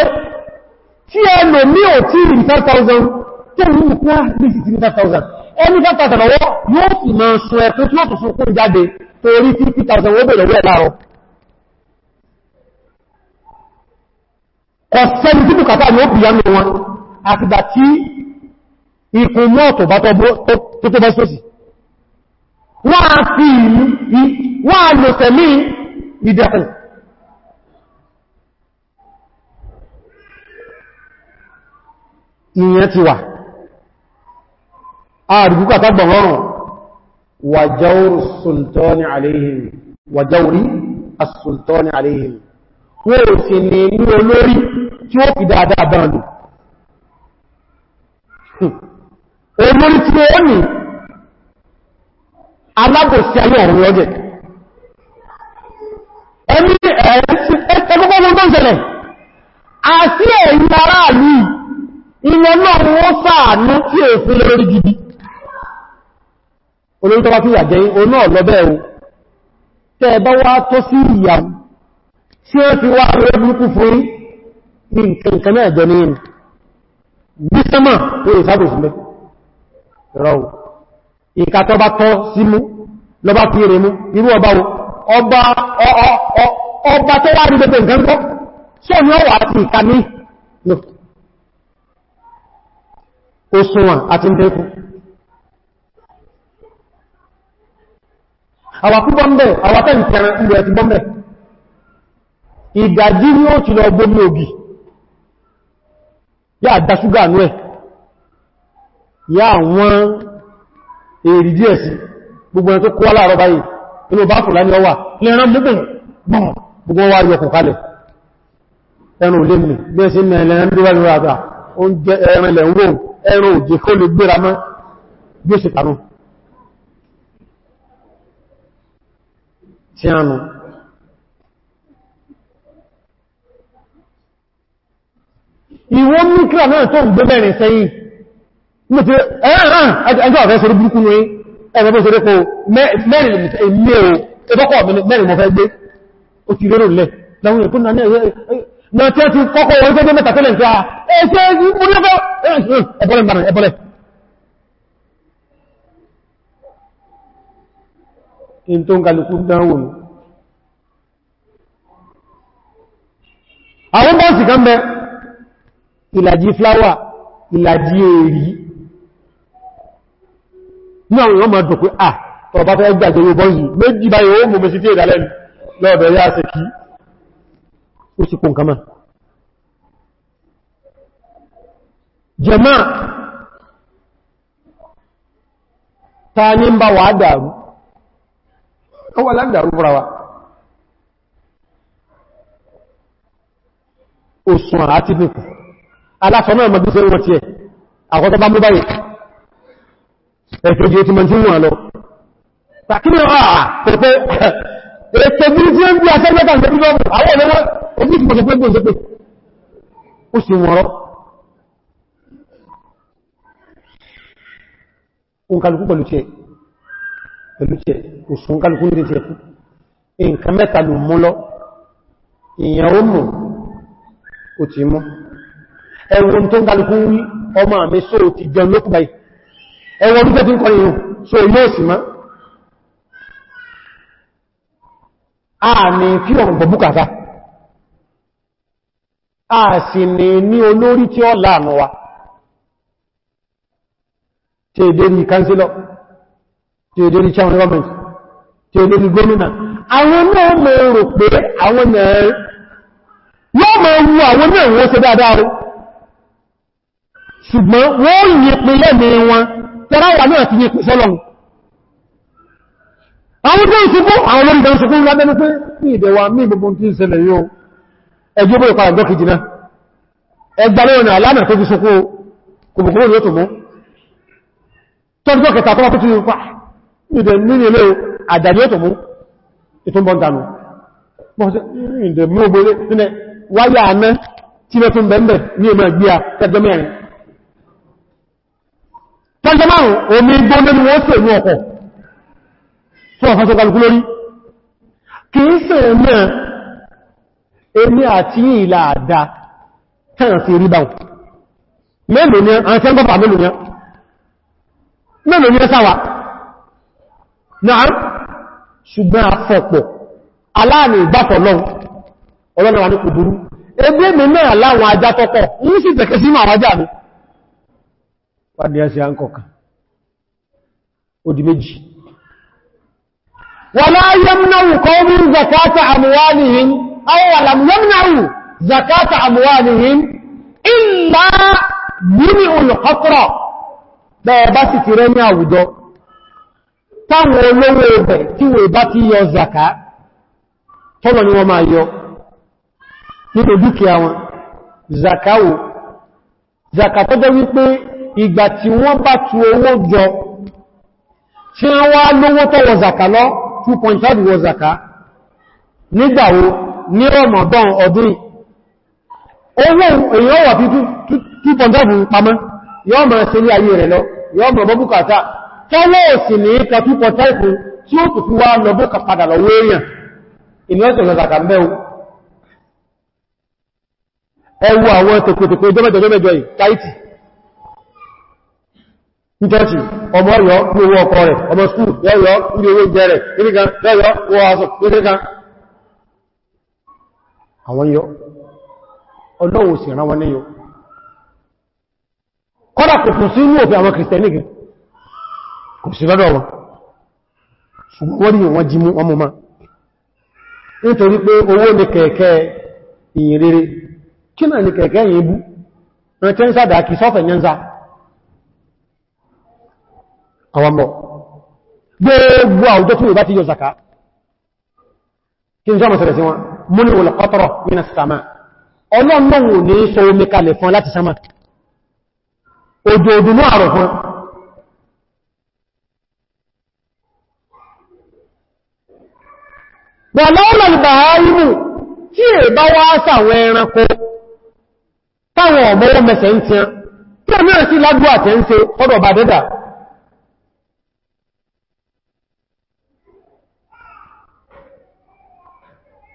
tí ẹ lò ní ò tí rí 5,000 tó rí mú kúrò ní sí ti 5,000 ẹni 5,000 lọ́wọ́ yóò sì mọ̀ sọ ẹ̀kún tí ó tún fún kún jáde torí 50,000 wó bèèrè wẹ́ láàrọ̀ ọ̀sẹ́ni tí bùkátà ni ó bìyànú wọn àtìgbà tí ikun mọ́ tó bá tó bá sósì wọ́n a fi wọ́n a lò tẹ̀lé ìdẹ̀kùn ìyẹn ti wà àrùkúkà tàbà rọrùn wàjáwòrì sultani aléhìn wàjáwòrì asultani aléhìn wọ́n ò sì ní ní olórí tí ó fi dáadáa bá olórí tí ó ní alábòsí ayé ọ̀rọ̀ lọ́jẹ̀ ẹni ẹ̀ẹ́kọ́kọ́ mọ́ tó ń ṣẹlẹ̀ àti gidi olórí tọ́wọ́ tí wà jẹ́ oná lọ́bẹ̀ o tẹ́ bá wá tó sí ìyàwó tí ó fi wá rẹ̀ ika ìka tó bá tọ́ sí mú lọ bá ọba ọba tó wá rí gbogbo nǹkan kọ́ sọ ní ọwà àti ìka ní òṣùwọ̀n àti ndẹ́kù àwàkú bọ́m̀bẹ̀ àwàtẹ́ ìkẹrẹ ilẹ̀ ti bọ́m̀bẹ̀ ìdàjí ni yá àwọn èrì díẹ̀ sí gbogbo ẹni tó kó aláàrọ báyìí inú bá fùlá ní ọwà lẹ́ran múgbùn gbọ́n gbogbo wá yọkùn kalẹ̀ ẹran ò lè mì bí ẹsí mẹ́rin ẹran bí wà lórí àgbà oúnjẹ ẹran ilẹ̀ ń wò ẹran òjì kó lè gbéra mọ́ bí ó sì tànú tí a nù ìwọ́n mìkíra náà tó ń gbé bẹ̀rẹ̀ sẹ́yìn nítorí ẹ̀rán ẹjọ́ ọ̀fẹ́ sórí burúkú ní ẹgbẹ́ bó sórí kó mẹ́rin ilé o ẹgbọ́kọ̀ mẹ́rin mọ̀fẹ́ gbé o ti rérò lẹ̀ láwọn èkó náà náà tí ó ti kọ́kọ́ orí tó gbé mẹ́ta tẹ́lẹ̀ nǹkan ẹ̀ṣẹ́ ìmúlẹ́gbọ́ ẹ̀bọ́lẹ̀ mẹ́rin ẹ̀bọ́lẹ̀ in tó ń kàlùkù dánwò ní àwọn bọ́ọ̀sì kan bẹ ìlàjì fláwà ìlàjì èrí náà wọ́n máa dùn pé à ah, ọba fẹ́ gbàgbé ọgbọ́n yìí méjì báyìí ó mú mẹ́sí tí ìdálẹ́ lọ́ọ̀dọ̀ yá sí kí ó sì kún kama jẹma ta ní ń bá wà dàrú ọwọ́ láńdàrú fúra wa òsùn àti nìkù aláfẹ́ náà mọ̀ bí fẹ́ wọ́n ti ẹ̀ àkọ́tọ́ bá mú báyìí ẹ̀kẹ́jì ti mọ̀ tí wọ́n lọ tàkìrì ọ̀hà pẹ̀pẹ́ ètò bí tí ó ń bí asẹ́gbẹ́ta ìgbẹ́gbẹ́ àwọn ọ̀lọ́wọ́ ojú ti pọ̀sẹ̀pẹ́ gbọ́nsẹ̀pẹ́ ó sì wọ̀rọ̀ òǹkàlùkù pẹ̀lú tí ẹ̀ pẹ̀lú tí ẹ̀ òṣùn kálùkù ní ti ẹ̀kú nǹkan mẹ́ta ló mú lọ ìyàn ó mú ó ti mú ẹ̀rùn tó ń kálùkù wí ọmọ àmì sóò ti jẹun lókùnbáyìí ẹwọ tó tẹ́tí ń kọrin yóò so ilé òsì mọ́ a ní kí ọ̀rùn bọ̀ búkàtà a sì ní ní olórí tí ó láàánú wa tí èdè ní kánsílọ̀ tí èdè ní chairman government tí èdè ní gómìnà àwọn náà mọ̀ rò pé àwọn náà yóò mọ̀ wu àwọn tẹ́rà wà náà ti ní ìpìsọ́lọ́run àwọn tó ń sùkú àwọn olórin ìdánsù fún lábẹ́nu pé ní ìdẹ̀wà mí gbogbo tí ń ṣẹlẹ̀ yóò ẹgbẹ́ bó ìpàdà ọjọ́ kìjìnà ẹgbà lóòrùn àlànà tó fi sùkú kòbùkúrò ní ó tó mú tọ́jọ́ kẹta tó tún pa ìdẹ̀ nínú ilé tọ́jọ́ márùn omi gbóndé ni wọ́n tẹ̀ ní ọkọ̀ fún ọ̀fẹ́sọ́ kalùkú lórí kì í sì náà èmi àti ìlà àdá tẹ́ràn sí rí báun mélòó ni àti ẹgbọ́pàá mélòó ni mélòó ni ẹ sáwà náà ṣùgbọ́n afẹ́pọ̀ aláàrin ìgbàfọ̀ lọ ọlọ́nà wà wádìí ẹsẹ àǹkọ̀kan ó di méjì wà láyẹ́mnáwù kọ́wí zakata àmúwánihìn awọ́lam yẹ́mnáwù zakata àmúwánihìn ìlà yìí olùkọ́kọ́rọ̀ bẹ́ẹ̀ bá sì ti rẹ ní àwùjọ táwọn olówó ẹgbẹ̀ tí wọ́n bá ti yọ zaka tọ́lọ ni wọ́n máa yọ nínú dúkìá wọn zakawo zaka tọ́jọ́ wípé ìgbà tí wọ́n bá tu owó jọ tí wọ́n wá lówó tó wọ zàkà lọ 2.5 wọ zàkà nígbàwó ní Ramadan ọdún owó èyàn wà fi 2.5 pamọ́ yọ́ mọ̀ sí ní ayé rẹ̀ lọ yọ́ mọ̀ bọ́ bùkátà tọ́wọ́ òsì ní ka 2.5 tí ó tù fi wá lọ bó padà lọ wéèyàn ìlúẹ́sẹ̀ lọ zàkà mẹ́ ẹwọ àwọn tòkòtòkò ìjọmẹ́jọ mẹ́jọ yìí káìtì ìjọsì ọmọ yọ ní owó ọkọ rẹ̀ ọmọ skúl yọ́yọ́ ní owó ìjẹ rẹ̀ nígbà yọ́yọ́ wọ́n aṣọ nígbà àwọn yọ ọlọ́wọ́ sì rán wọn ní yọ kọ́dà kò tún sí inú òfin àwọn kìrìsìtẹ́nì gẹn kò sí lọ́dọ̀ àwọn mọ̀ gbogbo àwùjọ tí ó bá ti yọ zaka kí n jọ mọ̀sẹ̀rẹ̀ sí wọn mú ní olùkọ́tọ̀rọ̀ nínú sàmà ọlọ́nàwò ní sọ omi kalẹ̀ fún láti sàmà òjòòdù ní àrọ̀ fún bọ̀lọ́ọ̀lọ́ ìbàáyìmù tí è bá ọmọ mẹ́sẹ̀ ń tiẹ́ tí ẹ̀mí ẹ̀ sí lágbó àtẹ́ ń ṣe ọdọ̀ bàdẹ́dà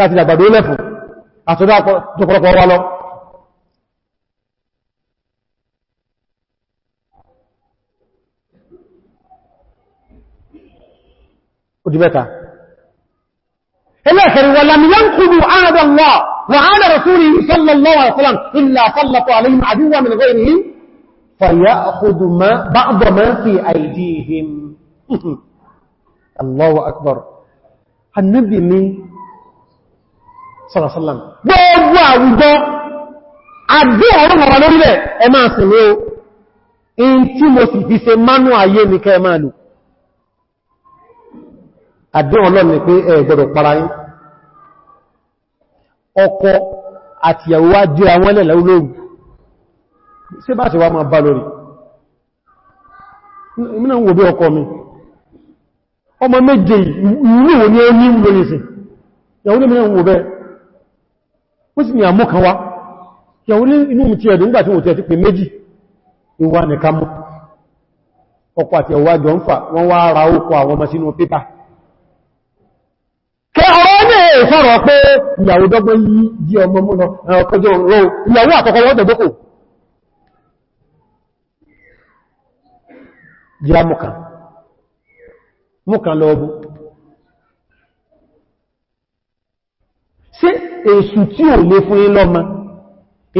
láti àgbàdo lẹ́fù àtọ́dá tọpọlọpọ wá lọ òdìbẹ́ta ẹlẹ́ẹ̀kẹ̀rẹ̀ wà lámì yán kúrò àádọ́lọ́ wà áàdà rasúrí sallallahu alaihi wasallam illa sallatu alaihim aduwa min ghayrihim fayakhudhu ba'd ma fi aydihim Allahu akbar annabi mi sọ̀rọ̀sọ́lá gbogbo àwùjọ àgbé ọ̀rọ̀ ọ̀rọ̀ lórílẹ̀ ẹ máa sì ní o in tí mo sì fi ṣe mánú ayé mi kẹ́ máa lò àgbé ọlọ́ ni pé ẹ gbọ́dọ̀ para yín ọkọ àti ìyàwó wá jẹ́ àwọn ẹlẹ́lẹ́ olóòrùn sí bá ṣe wá máa bá lórí ìmìnà ń wò bí ọkọ mi ọmọ méje ìlú wo ni ó ìyàwó ní ìmìnà wò bẹ́ẹ̀ ó sì ní àmú kan wá yàwó ní inú mú ti ẹ̀dùn nígbà tí wọ́n ti ẹ̀ ti pè méjì ìwà nìkan mú ọkọ̀ àti ẹ̀wà jọ ń fà wọ́n wá ara ókọ àwọn ọmọ sínú pépà kẹ ṣe èṣù tí ò lè fún yín lọ́mọ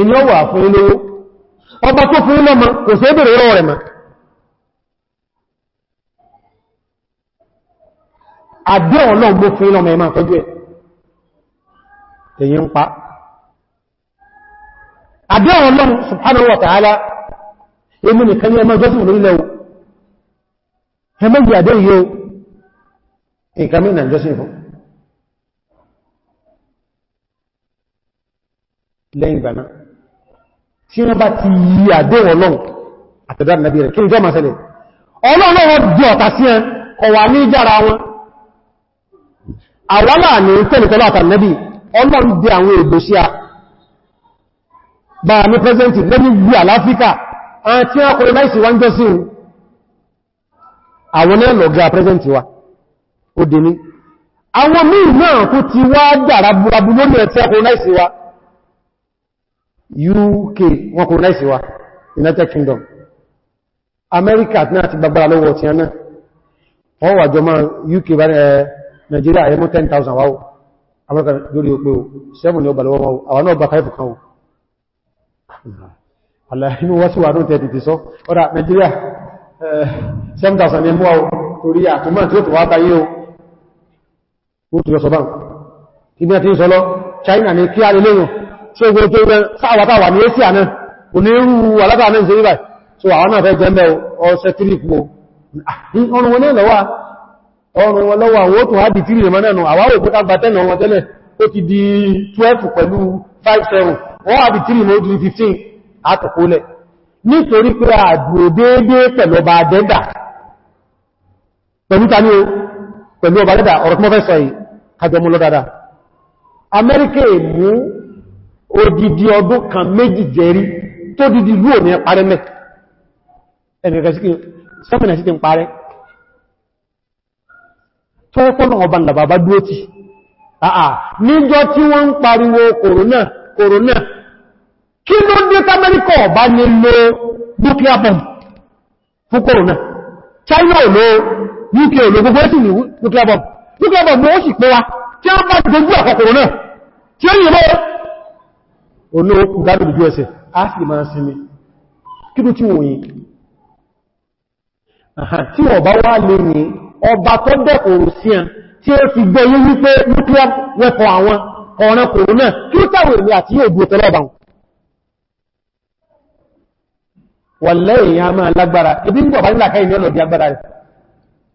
iná fún yín ọba tó fún yín kò sí ẹbẹ̀rẹ̀ rọ rẹ̀ adịọ àdé ọlọ́run fún yín ẹ̀mà tọ́jú ẹ̀ èyí pa àdé ọlọ́run subhanahu wa ta'ala èmi nìkan lẹ́yìn ìgbà náà tí wọ́n bá ti yí àdéhùn ọlọ́run àtẹ̀dá nàbí rẹ̀ kí n jọ máa ṣẹlẹ̀ ọlọ́run di ọ̀tà sí ẹ kọ̀wà ní ìjára wọn àwọ́là ní tẹ́lẹ̀tẹ́lẹ̀ àtànẹ́bì ọlọ́run di àwọn èdò sí a bá ní pẹ́sẹ̀ntì lẹ́ni gbí àláfíkà àti ọkùnrin láìsí wá ń jọ UK wọn kò láìsí wa United Kingdom America náà ti gbagbára lọ́wọ́ ti ẹ̀nà wọ́n wà jọmọ́ UK bá eh, Nigeria ẹmú 10,000 wáwọ́ America lórí òpé o 7 ni ó gbàlọ́wọ́ wáwọ́ àwọn náà gba 5 kan o aláìní wọ́n sí wà náà tẹ́tì sọ ọ́dá Nigeria 7,000 ẹmú wáwọ́ torí àtúmọ̀ tí ó tó wá báyé o ó tó China ni kí ṣe gbogbo tó rẹ sáwàtàwà ní ẹ́sì àná onírú alága náà ṣe ríbà so àwọn náà fẹ́ jẹ́mẹ́ ọ̀ṣẹ́ tírípù ọrùn wọn wọn lọ́wà wọ́n tún hábì tírí rẹ̀ mọ́nà àwọn gba 10 tẹ́lẹ̀ di 12 pẹ̀lú 5-7 15 ọba o odidi ọdún kan méjì tó didi lúò ní parẹ́ mẹ́ ẹgbẹ̀rẹ̀ sí ti ń parẹ́ tó kọ́nà ọba ǹdàbà dúó ti àà tí wọ́n ń pariwo kòrónà kí ló dé tamẹ́ríkà ọba ní lo nuclear bomb fún kòrónà China ò lo UK ò lo gbogbo nuclear bomb nuclear olóòkú gádùn lójú ẹsẹ̀ á sì máa sinmi kí ló tí wọ́n yìí tí wọ́n bá wá lè ní ọba tó dẹ̀kòrò sí ẹn tí ó fi gbé yí wípé nuclear weapon àwọn ọ̀rẹ́ kòrò náà kí ó tàwẹ̀ ìrìn àti yóò gbò tẹ́lọ́bà wọ́n lẹ́yìn a máa lágbára ebí ń bọ̀ bá nílà káyìn lọ́dí agbára rẹ̀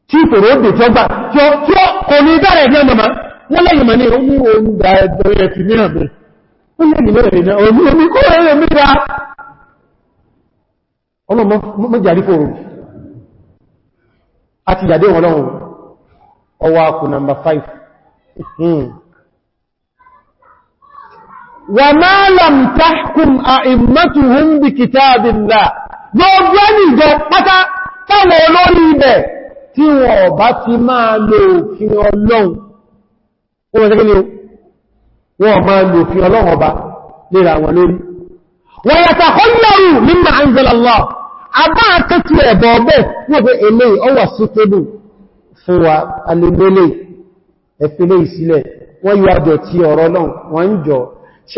tí ìfòrò òdè tí ó gbà tí ó kò ní bẹ̀rẹ̀ ní ọmọ wọ́n lẹ́yìn mọ̀ ní ohun oúnjẹ ẹgbẹ̀rẹ̀ ti ní àbẹ̀ onye lẹ́yìn lẹ́rẹ̀ ìná omi omi kó rẹ̀ mẹ́ra ọmọ àti ìjàdé wọn ọwọ́ akù nàmbà 5 wà máa lam tahkum a'immatuhum bi kitabillah gbogbo ẹni pátá táwọn olórí ibẹ̀ tí wọ́n bá ti máa lò kí ọlọ́run wọ́n máa lò fi ọlọ́run ọba lera wọn lórí wọ́n yàtà kọ́lọ̀rù mímọ̀ àìzẹ̀lọ́lọ́ àbá àkẹ́tì ẹ̀bọ̀ ọbẹ̀ wọ́n fẹ́ èlé ọwà sútébù fún wa alìmọ́lé ẹ̀fẹ́lé ìsílẹ̀ wọ́n yíwa jọ ti ọ̀rọ̀ náà wọ́n ń jọ ti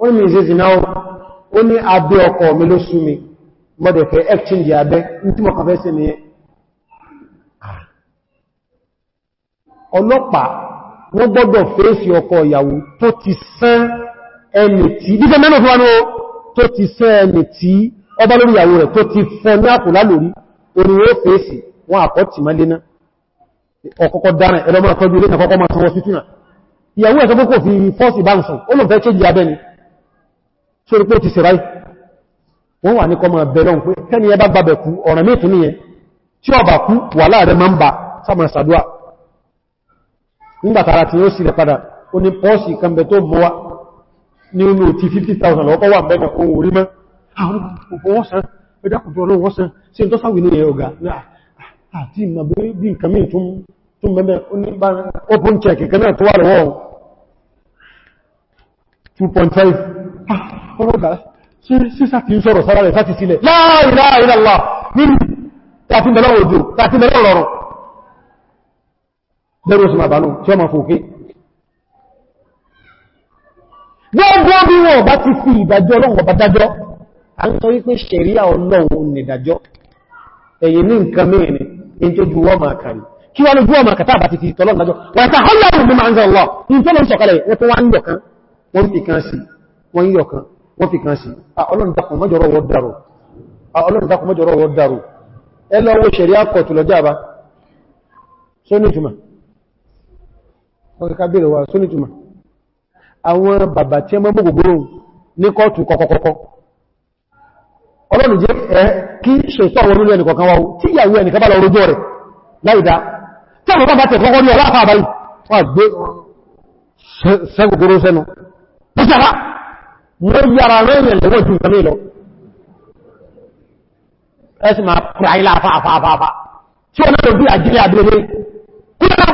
ó ní ìṣe ìsìná ó ní abẹ́ ọkọ mi ló sú mi mọ́dẹ̀fẹ́ exchange abẹ́ ní tí mọ̀ kàfẹ́ sí ni ọlọ́pàá wọ́n gbọ́dọ̀ fèsì ọkọ ìyàwó tó ti sán ẹni tí díjẹ́ mẹ́nà fún wánú tó ti sán ẹni tí ọba lórí ìyàwó rẹ̀ tó ti fọ́ ní àpòlá lórí oríwó fèsì wọ́n àkọ́ tì mọ́ léná ọkọ̀kọ́ dára ẹlọ́mọ́ ìyàwó ẹ̀sọ́gbókò fi fọ́sì bá ó lò fẹ́ chéjì abẹ́ni sórí pé ti sẹ̀ráì wọ́n wà ní kọmọ bẹ̀rọ̀n pé kẹ́ni ẹbá gbàbẹ̀ kú ọ̀rọ̀ mẹ́tù ní ẹ tí ọba kú wà láàrẹ ma ń bà sáàmà sàdúwà nígbàtàrà tí ó sì rẹ̀ padà ó ní pọ́ọ̀sì kàmbẹ̀ tó mọ́wá ní inú ti 50,000 lọ́pọ̀ ma. ọmọdà sísà ti ń sọ̀rọ̀ sára rẹ̀ fásitì sílẹ̀ la ilaha illallah nínú tàbí mẹ́lọ́ òjò tàbí mẹ́lọ́ rọrùn bẹ́rù oṣù màbánú tí ọmọ fòkè gbogbo bí wọn bá ti fi ìdájọ́ ọlọ́run ọba dájọ́ a ń sọ wípé ṣẹ̀ríà ọlọ́run nìdájọ́ ẹ̀yìn ní nǹkan mẹ́rin in tó ju wọ́n máa kàrí kí ọmọ kàtà àbàtì ti tọ́lọ́ ìdájọ́ wọ́n ta hálà ọ̀rùn bí máa ń zọ lọ ní tó lọ ń sọ̀kalẹ̀ wọ́n tó wá ń yọ̀kan wọ́n yọ̀kan wọ́n fi kan sí ọlọ́run dákun mọ́jọ̀rọ̀ wọ́n dárò ọlọ́run dákun mọ́jọ̀rọ̀ wọ́n dárò ẹlọ́wọ́ ṣẹ̀rí àkọ̀tù lọ jába sónìtùmà ọ̀rẹ́ká bèèrè wa sónìtùmà àwọn bàbá tí ẹmọ́ gbogbo ní kọ́ọ̀tù kọkọkọkọ ọlọ́run jẹ́ kí ṣètọ́ wọn lórí ẹnìkọ̀kan wáwó tí ìyàwó ẹnìkan bá lọ rojọ́ rẹ̀ láìdá tí àwọn bàbá tẹ̀ kọ́kọ́ ní ọlá àfáà báyìí wọ́n gbé sẹ́gbogbo sẹ́nu wọ́n yára lóyìn lọ́wọ́ jù nǹkan lọ ẹsì máa pẹ̀lú àìlà àfáàfáàfá tí wọ́n náà bí àjílẹ̀ àbílẹ̀ kúrò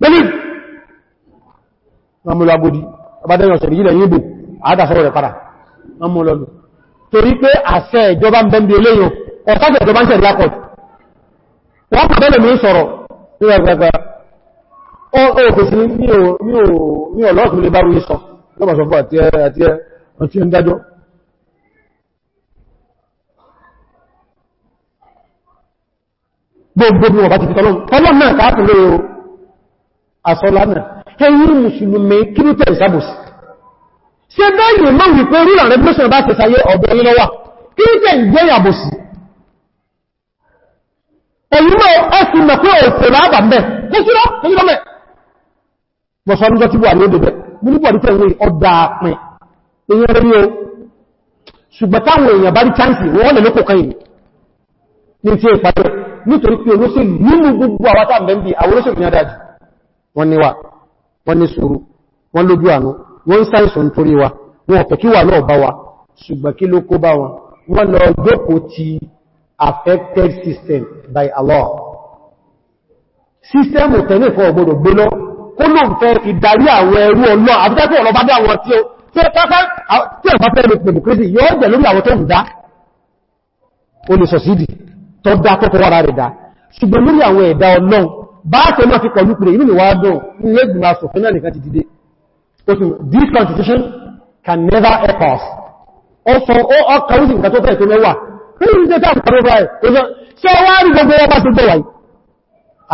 pẹ̀lú ọmọlọ agodi abádẹ́yàn ọ̀sẹ̀ ìjìnlẹ̀ yìí bò àádásọ́rọ̀ rẹ̀ padà ọmọlọ́lù torí pé àṣẹ ìjọba ń bẹ́m̀bẹ̀ eléyìn ọ̀sájẹ̀ ìjọba ń sẹ̀rí akọ̀ wọ́n kò bẹ́lẹ̀ mi sọ̀rọ̀ ní ọgbẹ̀gbẹ̀ ọ̀pẹ̀sí ní ọlọ́ọ̀tún lè bá rú ìsọ̀ lọ́bà sọ fún àti ẹ àti ẹ wọ́n tí ó ń dájọ́ gbogbo bí wọ́n bá ti fi tọ́lọ́m tọ́lọ́m náà káàkùn lórí o àsọ́lánà ẹ̀yìn mùsùlùmí kírípẹ̀ ìsábòsì ṣe bẹ́yìn mọ́ wípé rúlà revolution bá ṣe sáyé ọ̀dọ̀ yìí lọ́wà kírípẹ̀ ìgbẹ́ ìyàbòsì ẹ̀yìn mọ́ ẹ̀sùn mẹ́kọ́ òfò láàbà mẹ́ múlùpọ̀ dípẹ̀ ìwé o ṣùgbọ́n táwọn èèyàn bá rí chánsì wọ́n lè lókò kan ìlú ní tí ó pàdé nítorí pé olóṣèlú nínú gbogbo àwátà mẹ́bí àwọn olóṣèlú ní adájú wọ́n níwà wọ́n ní sùúrù wọ́n lójú àánú wọ́n ń sáìsọ nítorí wa wọn ọ̀pẹ̀ kí wà náà bá wa ṣùgbọ́n kí ló kó bá wọn wọ́n lọ ti affected system by Allah system ò tẹ́lẹ̀ fọ́ ọgbọ́dọ̀ gbóná ó lò ń fẹ́ ìdarí àwọn ẹrú ọlọ́ àbúkẹ́kọ́ ọ̀lọ́ bá dá àwọn tí ó tí ó pápá tí ó bá fẹ́ lè pẹ̀lú kìrìsì yóò jẹ́ lórí àwọn tó ń dá ó lè sọ̀sídì tó dá tó kọwàrá rẹ̀ dá ṣùgbọ́n lórí àwọn ẹ̀dá ọlọ́run bá tẹ́ máa fi pẹ̀lú pẹ̀lú inú ìwà dùn ilé ìgbìmọ̀ asòfin náà this constitution can never help us ó sọ ó ọkà ó sì nǹkan tó fẹ́ tó mẹ́wàá kí ní ṣe tá àwọn ọmọ rẹ̀ ṣe wá rí gbogbo ọba tó gbọ́wàá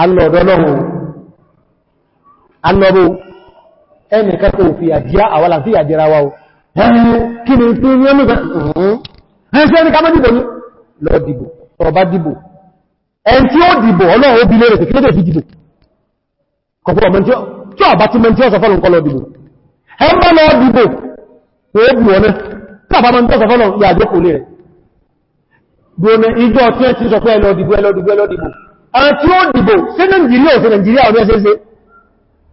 alọ́dọ́lọ́run alọ́bọ̀ ẹnìkan kò fi àjíyá àwọ́lá fi àjíra wa o kí ni tí ní ọmọ ìgbẹ̀rẹ̀ ẹni ká mọ́ dìbò ní lọ dìbò ọba dìbò ẹn tí ó dìbò ọlọ́run obìnrin rẹ̀ kìí lè fi dìbò kọ̀pọ̀ ọmọ tí ọba ti mọ́ tí ó sọ fọ́lọ̀ nǹkan lọ dìbò ẹn bá lọ dìbò ó bù ọ̀nà tí ọba mọ́ tí ó sọ fọ́lọ̀ yà àjọ kò àwọn tí ó dìbò sí Nàìjíríà ò sí Nàìjíríà ọ̀nà ẹsẹsẹ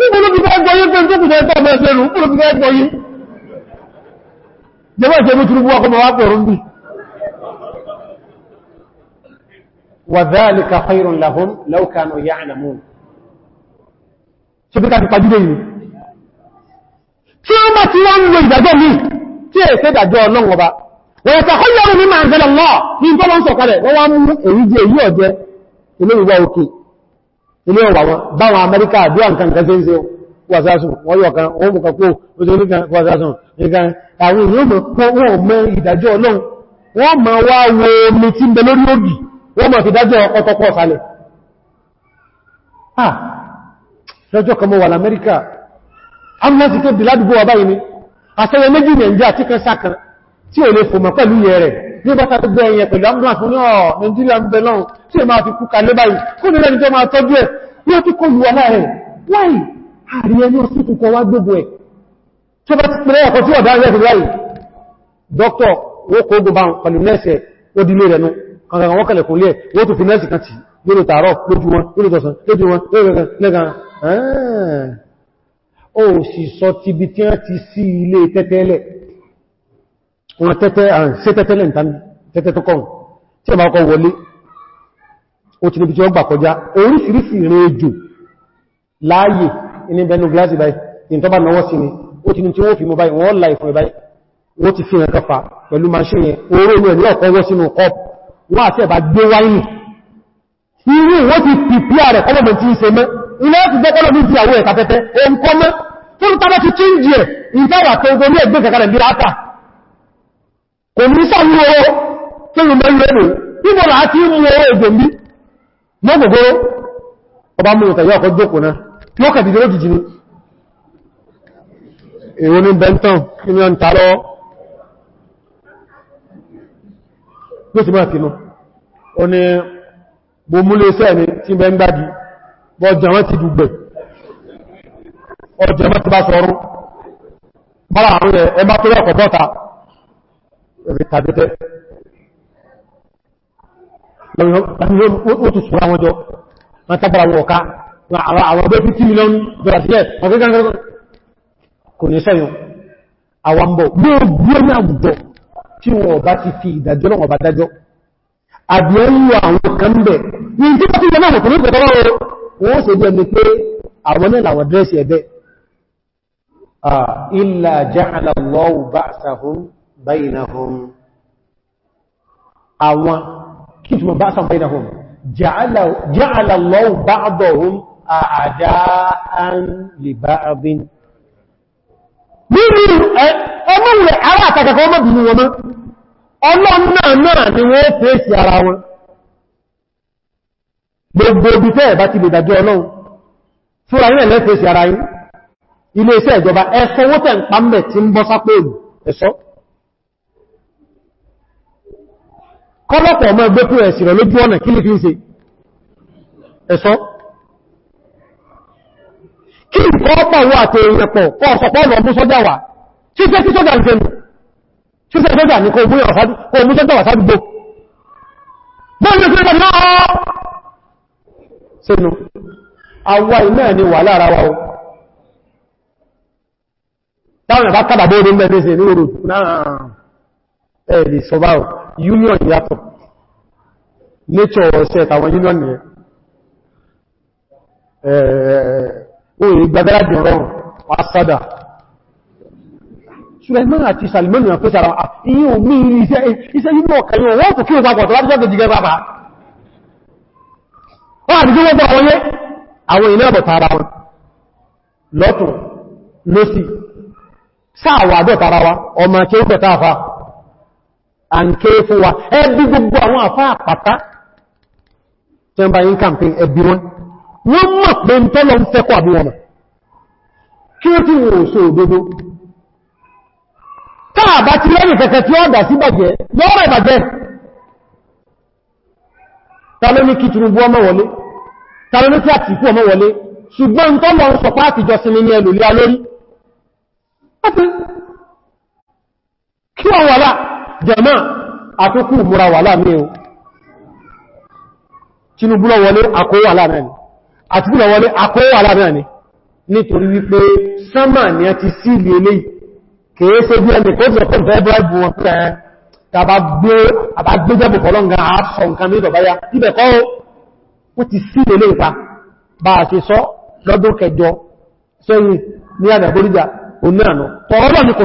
Níbo ló fi fẹ́ gbọ́yé pé tó kùnà ẹ̀tọ́ ọmọ ẹ̀sẹ̀ rùn, níbo ló fi fẹ́ gbọ́yé? Jẹ́mọ́ ìṣẹ́ mú túnú wọ́kọ̀ wá pọ̀ rún bí. Wa dhalika khayrun lahum law kanu ya'lamun. Ṣé bí ká ti pàdé yìí? Tí ó bá ti wá ń lo ìdàjọ́ mi, tí èsẹ́ ìdàjọ́ ọlọ́run ọba, wọ́n yẹ kọ́kọ́ yọrù mímọ̀ àǹzẹ́lẹ̀ lọ́ ní tọ́lọ́ ń sọ̀kalẹ̀, wọ́n wá mú èyí jẹ́ èyí ọ̀jẹ́, ilé ìwà òkè ilé ọ̀wà wọn báwọn amẹ́ríkà àdúrà nǹkan kan tí ń ṣe wàsásùn wọ́n yọ kan wọ́n mọ̀kà kó oṣù oníkan wàsásùn nìkan àwọn èèyàn mọ̀ kó wọ́n mọ ìdájọ́ ọlọ́run wọ́n ma wá wo omi tí ń bẹ lórí ògì wọ́n mọ̀ fi dájọ́ ní bá tàbí ẹ̀yẹ pẹ̀lú ambulance ní ọ̀ Nigeria ń bẹ lọ́run tí è máa fi kú kalẹ́ báyìí kó ní lẹ́ni tó máa tọ́jú ẹ̀ yóò tí kò lù ọmọ ẹ̀ wáyì ààrẹ ẹni ọ̀sí kòkọ wá gbogbo ẹ̀ tó bá ti pẹ̀lẹ́ ẹ̀kọ́ tí ọ̀dá rẹ̀ ráyìí dókítà wó kó gbogbo pẹ̀lú nẹ́ẹ̀sì ó dilé rẹ̀ nu kankan wọ́n kẹlẹ̀ kò lé ẹ̀ wó tó fi nẹ́ẹ̀sì kan tì lórí tààrọ̀ lójú wọn lórí tọ̀sán lójú wọn lórí lẹ́gan ó sì sọ ti bí tí wọ́n ti sí ilé tẹ́tẹ́lẹ̀ wọn tẹ́tẹ́ àrùn tẹ́tẹ́lẹ̀ tẹ́tẹ́ tó kọrùn tí ọmọ ọkọ̀ wọlé ó ti níbi tí wọ́n gbà kọjá oríṣiríṣi ìrìn ejò láàyè ní bẹnu gíláàsì báyìí ní tọ́bà náwọ́ sí ni ó ti ní tí wọ́n fi mọ́ báyìí wọ́n láì fún ìbáyìí wọ́n ti fi hàn kọfà pẹ̀lú maṣẹ́ yẹn oró inú ẹ̀lú ọ̀kọ́ wọ́ sínú kọ́ wọ́n àti kò ní sáwọn owó tó yìí mẹ́rin lẹ́nu nígbò láti mú owó èdè mí mọ́ gbogbo ọba mú ìtàyà ọkọ̀ jókòó náà yóò kàdìdì lójìjì ní èwo ní benton kí ni ọ ń ta lọ ló ti máa kínú ó bá sọ ọrún bára àrùn ẹ̀ tó rẹ̀ ọkọ̀ bọ́ta tàbítẹ́ ó tún sùn tí wọ́n bá ti fi ìdájọ́ náà bá dájọ́ àbíọ́wọ́ àwọn kan bẹ̀ ní tí wọ́n ti jẹ́ náà kòrò pẹ̀lú wọ́n sì jẹ́ mi pé àwọn náà làwọn dírẹ́sì ẹ̀bẹ́ ah, illa ja'ala Allahu ba'sahum bainahum àwọn kí tí wọ́n bá sàn bainahum ja'ala Allahu ba'dahum a'da'an li ba'din nínú ẹmọ́lẹ̀ ara àtàkàkọ́ ọmọbìnrin wọn ọlọ́nà náà ni wọ́n fèsì ara wọn gbogbo ibi tẹ́ẹ̀ bá ti lè dájọ́ ọlọ́run fúra yìí lẹ́fẹ̀ẹ́sì ara yìí ilé iṣẹ́ ìjọba ẹ̀sọ́wọ́tẹ̀ ń pàmbẹ̀ tí ń bọ́ sápò ẹ̀sọ́ kọ́lọ̀pọ̀ ọmọ ẹgbẹ́ fún ẹ̀sìn rẹ̀ lójú ọ̀nà kí ní fi ń ṣe ẹ̀ṣọ́ kí ìkọ́ọ̀pọ̀ wọ́n àti ìrẹ̀pọ̀ ọ̀sọ̀pọ̀ ọ̀nà ọmọ sọ́jà wà tí ṣe tí sọ́jà ìṣẹ́lú tí ṣe sọ́jà ní kò mú sọ́jà wà sádùgbò bọ́ọ̀lù ìṣẹ́ ìbọn náà sínú àwa iná ni wà lára wa o táwọn ìbá kádàbó orí mẹ́rin sí ní orò náà ẹ̀ẹ̀dì sọ báwọ̀ union yàtọ̀ nature ọ̀sẹ̀ tàwọn union ni eh, eh, eh, oòrùn gbagarabi ọ̀rọ̀rùn asada Suleiman àti Salman na pèsè àwọn àyí omi iṣẹ́ iṣẹ́ yìí mọ̀ kẹyìn wọ́n tó kí o papọ̀ tó láti jẹ́ jẹ́ bàbá wọ́n àti jẹ́ wọ́pọ̀ wọ́n yẹ́ lọ́sí sáàwà àbẹ́ta ara wa ọmọ kí ó bẹ̀ta àfáà a ń kéré fún wa ẹbí gbogbo àwọn àfá àpàtá tí wọ́n bá yí ẹbí wọn wọ́n mọ̀ pé ń tọ́lọ ń fẹ́kọ́ àbí wọn kí ó tí wọ́n sọ òdodo táà bá ti lẹ́nì kẹ̀kẹ́ tí ó dà sí bàjẹ́ lọ́rọ̀ ìbàjẹ́ ta ló ọmọ jẹmọ́ àkókù múra wà láàrin o Tinubu ló wọlé àkówà láàrin àti búlọ wọlé àkówà láàrin nítorí wípé sánmà ní a ti sí ilé ilé kèése bí ẹni kó jẹ́ pẹ̀lú ẹgbẹ́ ẹgbù wọn pẹ̀lú ẹ̀ tàbá gbé jẹ́bù kọlọ́ngà àásọ nǹkan ní ìdọ̀báyá ibẹ̀ kọ́ ṣe sọ lọ́dún ni kò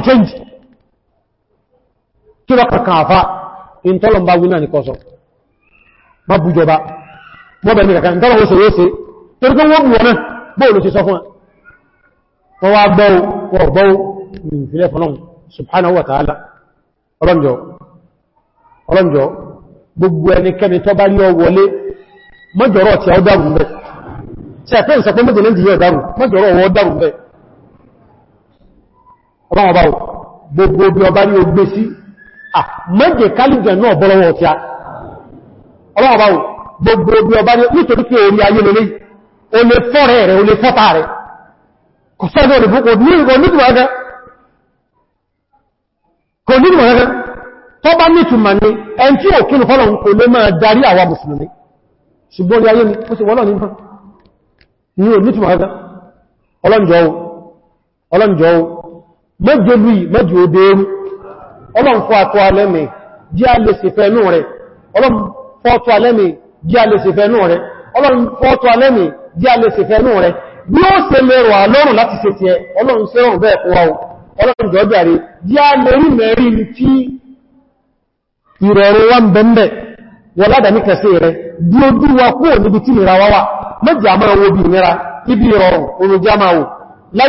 kí lọ́pàá kàáfà in tọ́lọ̀ bá wí náà ní kọsọ̀ ma bú jọba mọ́ bẹ̀rẹ̀ kàkà in tọ́lọ̀ oṣèré oṣe torí kan wọ́n bú wọn náà bóòlù sí sọ fún wọn wá gbọ́wọ́ wọ́n gbọ́wọ́ ìfilẹ̀ fọ́nà subhanahu wa ta'ala ọlọ́njọ́ ọlọ́njọ́ gbogbo ẹnikẹ́ni tó bá ní ọ wọlé mọ́jọ̀rọ̀ tí ó dárùn bẹ́ sí Ah, mẹ́jẹ̀ kálìjẹ̀ náà bọ́lọ́wọ́ ọ̀tíá ọlọ́ọ̀báwò gbogbo obi ọba ní nítorí pé orí ayé lórí o lè fọ́rẹ̀ rẹ̀ o lè fọ́ta rẹ̀ kò sọ́dọ̀ olùbú kò ní ìgbọ̀ rẹ̀ tó bá nítùmà ní ẹn tí ò kí nìfọ́lọ̀ kò lè máa darí àwa mùsùlùmí ṣùgbọ́n orí ayé ni ó sì wọ́lọ̀ nípa ní ò nítùmà rẹ̀ ọlọ́njọ́ mẹ́jọ lùí mẹ́jọ odé ọlọ́run fọ́ àtọ́ alẹ́mì jí a lè sì fẹ́nú rẹ̀ ọlọ́run fọ́ àtọ́ alẹ́mì jí a lè sì fẹ́nú rẹ̀ ọlọ́run fọ́ àtọ́ alẹ́mì jí a lè sì fẹ́nú rẹ̀ bí ó ṣe mẹ́rọ àlọ́run láti ṣe tiẹ̀ ọlọ́run ṣe rùn bẹ́ẹ̀ fún wa ọlọ́run jọ́jàrí jí a lè rí mẹ́rí ní tí ìrọ̀rọ̀ wa ń bẹ́m̀bẹ̀ wọ ládàní kẹsẹ̀ rẹ̀ bí ó dú wa kúrò níbi tí ìrà wa wà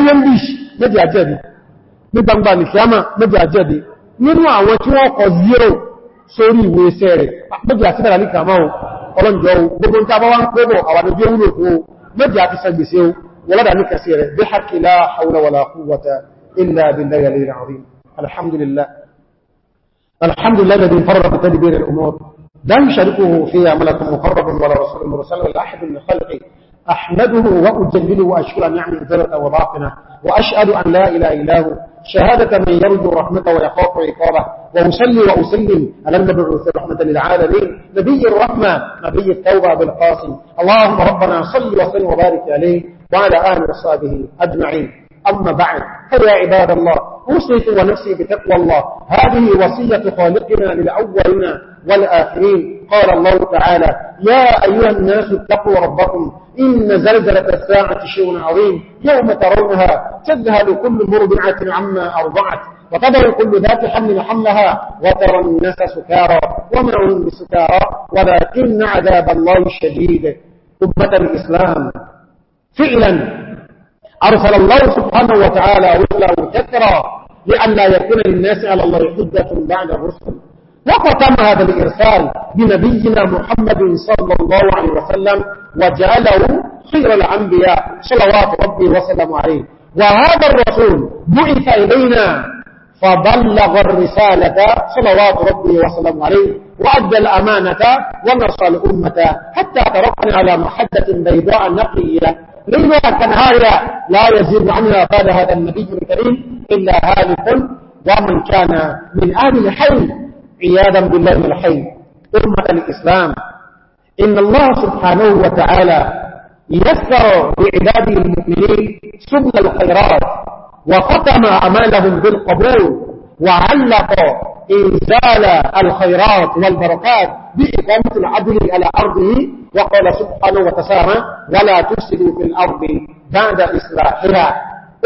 mẹ́jì nínú àwọn tí wọ́n kọ zero sórí ìwé iṣẹ́ rẹ̀ méjì àti bẹ̀rẹ̀ ní kàmọ́ ọlọ́njọ́ gbogbo tí a bá wá ń pẹ́bọ̀ àwọn ojú wúlò fún méjì àti sẹ́gbèsé wọ́lọ́dà ní kàsí rẹ̀ bí haqqi la أحمده وأجلله وأشكر أن يعمل إذنة وضعفنا وأشهد أن لا إله إلا هو شهادة من يرجو رحمة ويخاف عقابه وأسلي وأسلم ألم نبعث رحمة للعالمين نبي الرحمة نبي التوبة بالقاسم اللهم ربنا صل وسلم وبارك عليه وعلى آل وصابه أجمعين أما بعد فيا عباد الله أوصيكم ونفسي بتقوى الله هذه وصية خالقنا للأولنا والآخرين قال الله تعالى يا أيها الناس اتقوا ربكم إن زلزلة الساعة شيء عظيم يوم ترونها تذهل كل مرضعة عما أرضعت وتضع كل ذات حمل حملها وترى الناس سكارى وما هم بسكارى ولكن عذاب الله الشديد قبة الإسلام فعلا أرسل الله سبحانه وتعالى رسله كثرا لأن لا يكون للناس على الله حجة بعد الرسل وختم هذا الإرسال بنبينا محمد صلى الله عليه وسلم وجعله خير الأنبياء صلوات ربي وسلم عليه وهذا الرسول بعث إلينا فبلغ الرسالة صلوات ربي وسلم عليه وأدى الأمانة ونصى الأمة حتى تركنا على محدة بيضاء نقية كان هذا لا يزيد عنها قال هذا النبي الكريم إلا هالك ومن كان من آل الحي عياذا بالله من الحي أمة الإسلام إن الله سبحانه وتعالى يسر لعباده المؤمنين سبل الخيرات وختم أعمالهم بالقبول وعلق إنزال الخيرات والبركات بإقامة العدل على أرضه وقال سبحانه وتسامى ولا تفسدوا في الأرض بعد إصلاحها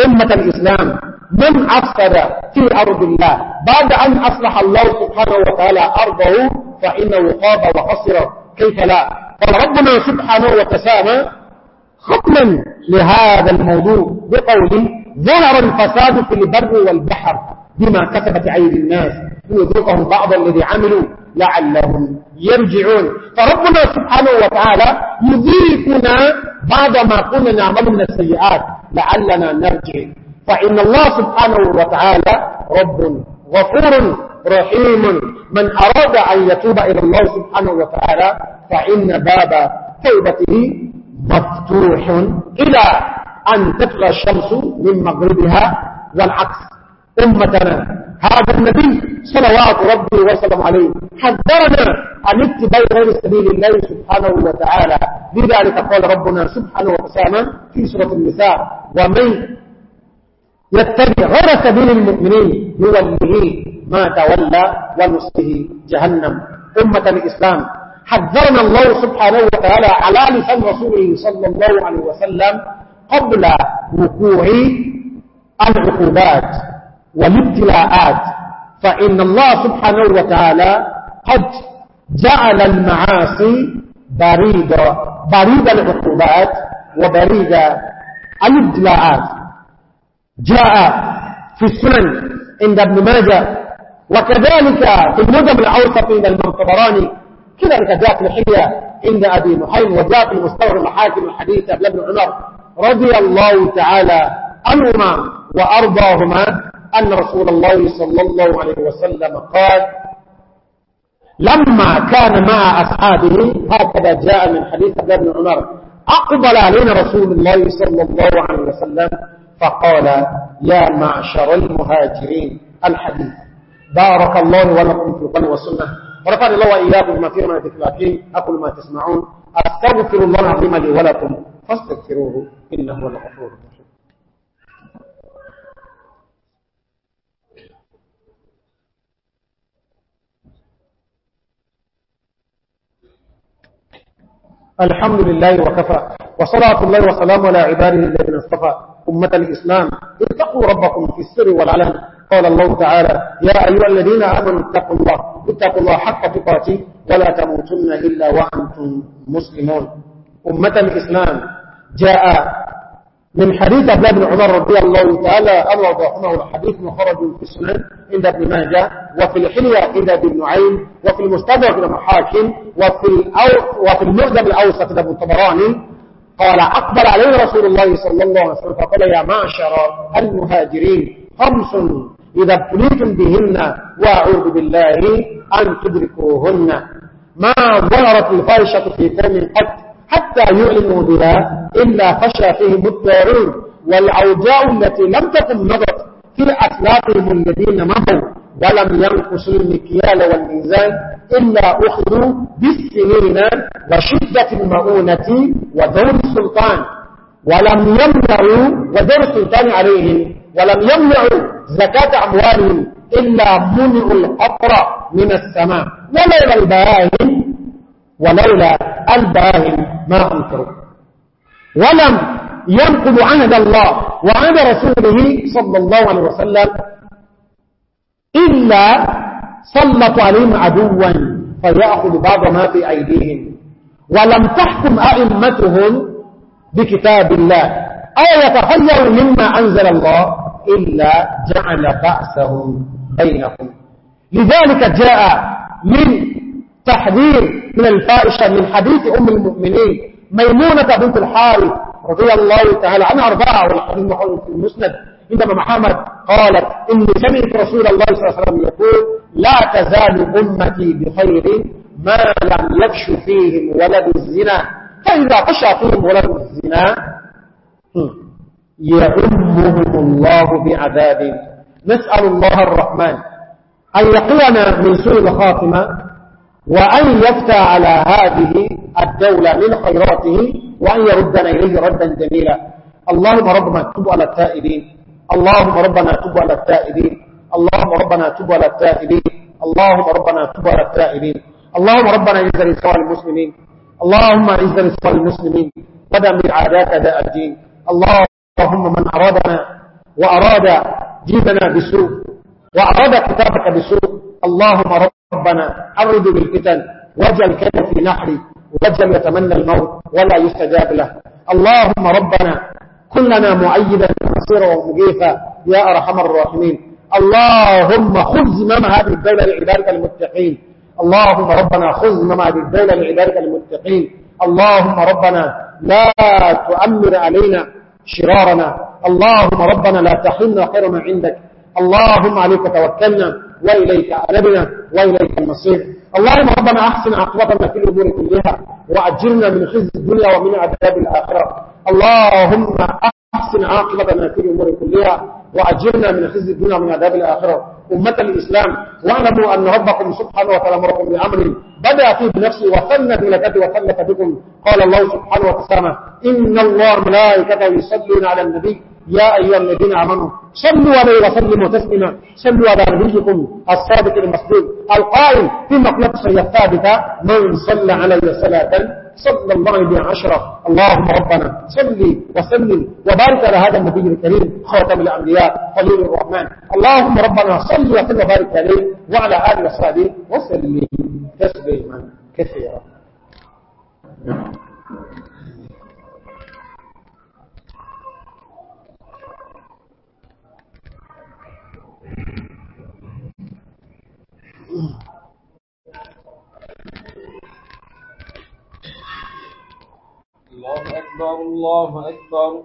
أمة الإسلام من أفسد في أرض الله بعد أن أصلح الله سبحانه وتعالى أرضه فإنه خاب وقصر كيف لا قال ربنا سبحانه وتسامى ختما لهذا الموضوع بقول ظهر الفساد في البر والبحر بما كسبت عيد الناس ويذوقهم بعض الذي عملوا لعلهم يرجعون فربنا سبحانه وتعالى يذيقنا بعد ما كنا نعمل من السيئات لعلنا نرجع فإن الله سبحانه وتعالى رب غفور رحيم من أراد أن يتوب إلى الله سبحانه وتعالى فإن باب توبته مفتوح إلى أن تطلع الشمس من مغربها والعكس أمتنا هذا النبي صلوات ربي وسلم عليه حذرنا عن اتباع غير سبيل الله سبحانه وتعالى لذلك قال ربنا سبحانه وتعالى في سورة النساء ومن يتبع غير سبيل المؤمنين يوليه ما تولى ونصه جهنم أمة الإسلام حذرنا الله سبحانه وتعالى على لسان رسوله صلى الله عليه وسلم قبل وقوع العقوبات والابتلاءات فإن الله سبحانه وتعالى قد جعل المعاصي بريد بريد العقوبات وبريد الابتلاءات جاء في السنن عند ابن ماجه وكذلك في المدن الأوسط عند المنطبراني كذلك جاء في الحية عند أبي نحيم وجاء في المستور المحاكم الحديثة ابن عمر رضي الله تعالى عنهما وأرضاهما أن رسول الله صلى الله عليه وسلم قال لما كان مع أصحابه هكذا جاء من حديث ابن عمر أقبل علينا رسول الله صلى الله عليه وسلم فقال يا معشر المهاجرين الحديث بارك الله ولكم في القرآن والسنة ورفعني الله وإياكم ما فيه من الذكر أقول ما تسمعون أستغفر الله العظيم لي ولكم فاستغفروه إنه هو الغفور الرحيم الحمد لله وكفى وصلاة الله وسلامه على عباده الذين اصطفى أمة الإسلام اتقوا ربكم في السر والعلم قال الله تعالى يا أيها الذين آمنوا اتقوا الله اتقوا الله حق تقاته ولا تموتن إلا وأنتم مسلمون أمة الإسلام جاء من حديث أبلا بن عمر رضي الله تعالى أمر وضعهما الحديث مخرج في السنن عند ابن ماجا وفي الحلية عند ابن نعيم وفي بن لمحاكم وفي, وفي المعجم الأوسط لابن طبراني قال أقبل عليه رسول الله صلى الله عليه وسلم فقال يا معشر المهاجرين خمس إذا ابتليتم بهن وأعوذ بالله أن تدركوهن ما ظهرت الفرشة في فم قد حتى يعلموا بها إلا خشى فيهم الطارون والأوجاع التي لم تكن مضت في أسلاقهم الذين مضوا ولم ينقصوا المكيال والميزان إلا أخذوا بالسنين وشدة المؤونة ودور السلطان ولم يمنعوا ودور السلطان عليهم ولم يمنعوا زكاة أموالهم إلا منعوا الأقرى من السماء ولولا البراهين ولولا البراهين ما أنكروا ولم ينقض عهد الله وعهد رسوله صلى الله عليه وسلم إلا سلط عليهم عدوا فيأخذ بعض ما في أيديهم ولم تحكم أئمتهم بكتاب الله أو يتخيروا مما أنزل الله إلا جعل بأسهم بينهم لذلك جاء من تحذير من الفائشة من حديث أم المؤمنين ميمونة بنت الحارث رضي الله تعالى عنها أربعة والحديث في المسند عندما محمد قالت إني سمعت رسول الله صلى الله عليه وسلم يقول لا تزال أمتي بخير ما لم يفش فيهم ولد الزنا فإذا قشى فيهم ولد الزنا يعمهم الله بعذاب نسأل الله الرحمن أن يقينا من سوء الخاتمة وأن يفتى على هذه الدولة من خيراته وأن يردنا إليه ردا جميلا اللهم ربنا تب على التائبين اللهم ربنا تب على التائبين اللهم ربنا تب على التائبين اللهم ربنا تب على التائبين اللهم ربنا عز لسوى المسلمين اللهم عز لسوى المسلمين من عادات داء الدين اللهم من أرادنا وأراد جيبنا بسوء وأراد كتابك بسوء اللهم ربنا أرد بالفتن وجل كان في نحري وجل يتمنى الموت ولا يستجاب له اللهم ربنا كلنا معيدا مصيرا ومجيفا يا أرحم الراحمين اللهم خذ مما هذه الدولة لعبادك المتقين اللهم ربنا خذ مما هذه الدولة لعبادك المتقين اللهم ربنا لا تؤمر علينا شرارنا اللهم ربنا لا تحن خير ما عندك اللهم عليك توكلنا وإليك أنبنا وإليك المصير اللهم ربنا أحسن عقبتنا في الأمور كلها وأجرنا من خزي الدنيا ومن عذاب الآخرة اللهم أحسن عقبتنا في الأمور كلها وأجرنا من خزي الدنيا ومن عذاب الآخرة أمة الإسلام واعلموا أن ربكم سبحانه وتعالى أمركم بأمر بدأ فيه بنفسه وثنى بملكته وثلث بكم قال الله سبحانه وتعالى إن الله ملائكته يصلون على النبي يا أيها الذين آمنوا صلوا عليه وسلموا تسلما صلوا على نبيكم الصادق المصدوق القائم في مقلبسه الثابتة من صلى علي صلاة صلى الله عليه عشرة اللهم ربنا صلي وسلم وبارك على هذا النبي الكريم خاتم الأنبياء خليل الرحمن اللهم ربنا صلي وسلم وبارك عليه وعلى آل وصحبه وسلم تسليما كثيرا Yeah. الله أكبر الله أكبر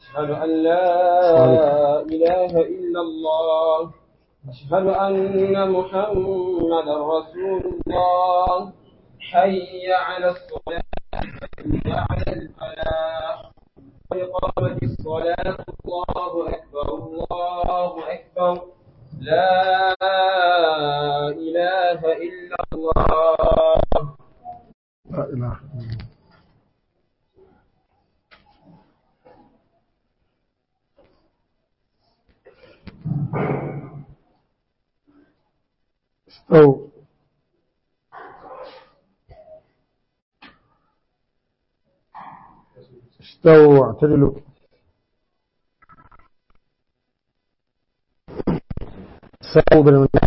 أشهد أن لا إله إلا الله أشهد أن محمدا رسول الله حي على الصلاة حي على الفلاح وإقامة الصلاة الله أكبر الله أكبر لا إله إلا الله لا إله إلا الله استو استو اعتدلوا ساووا بالمناسبة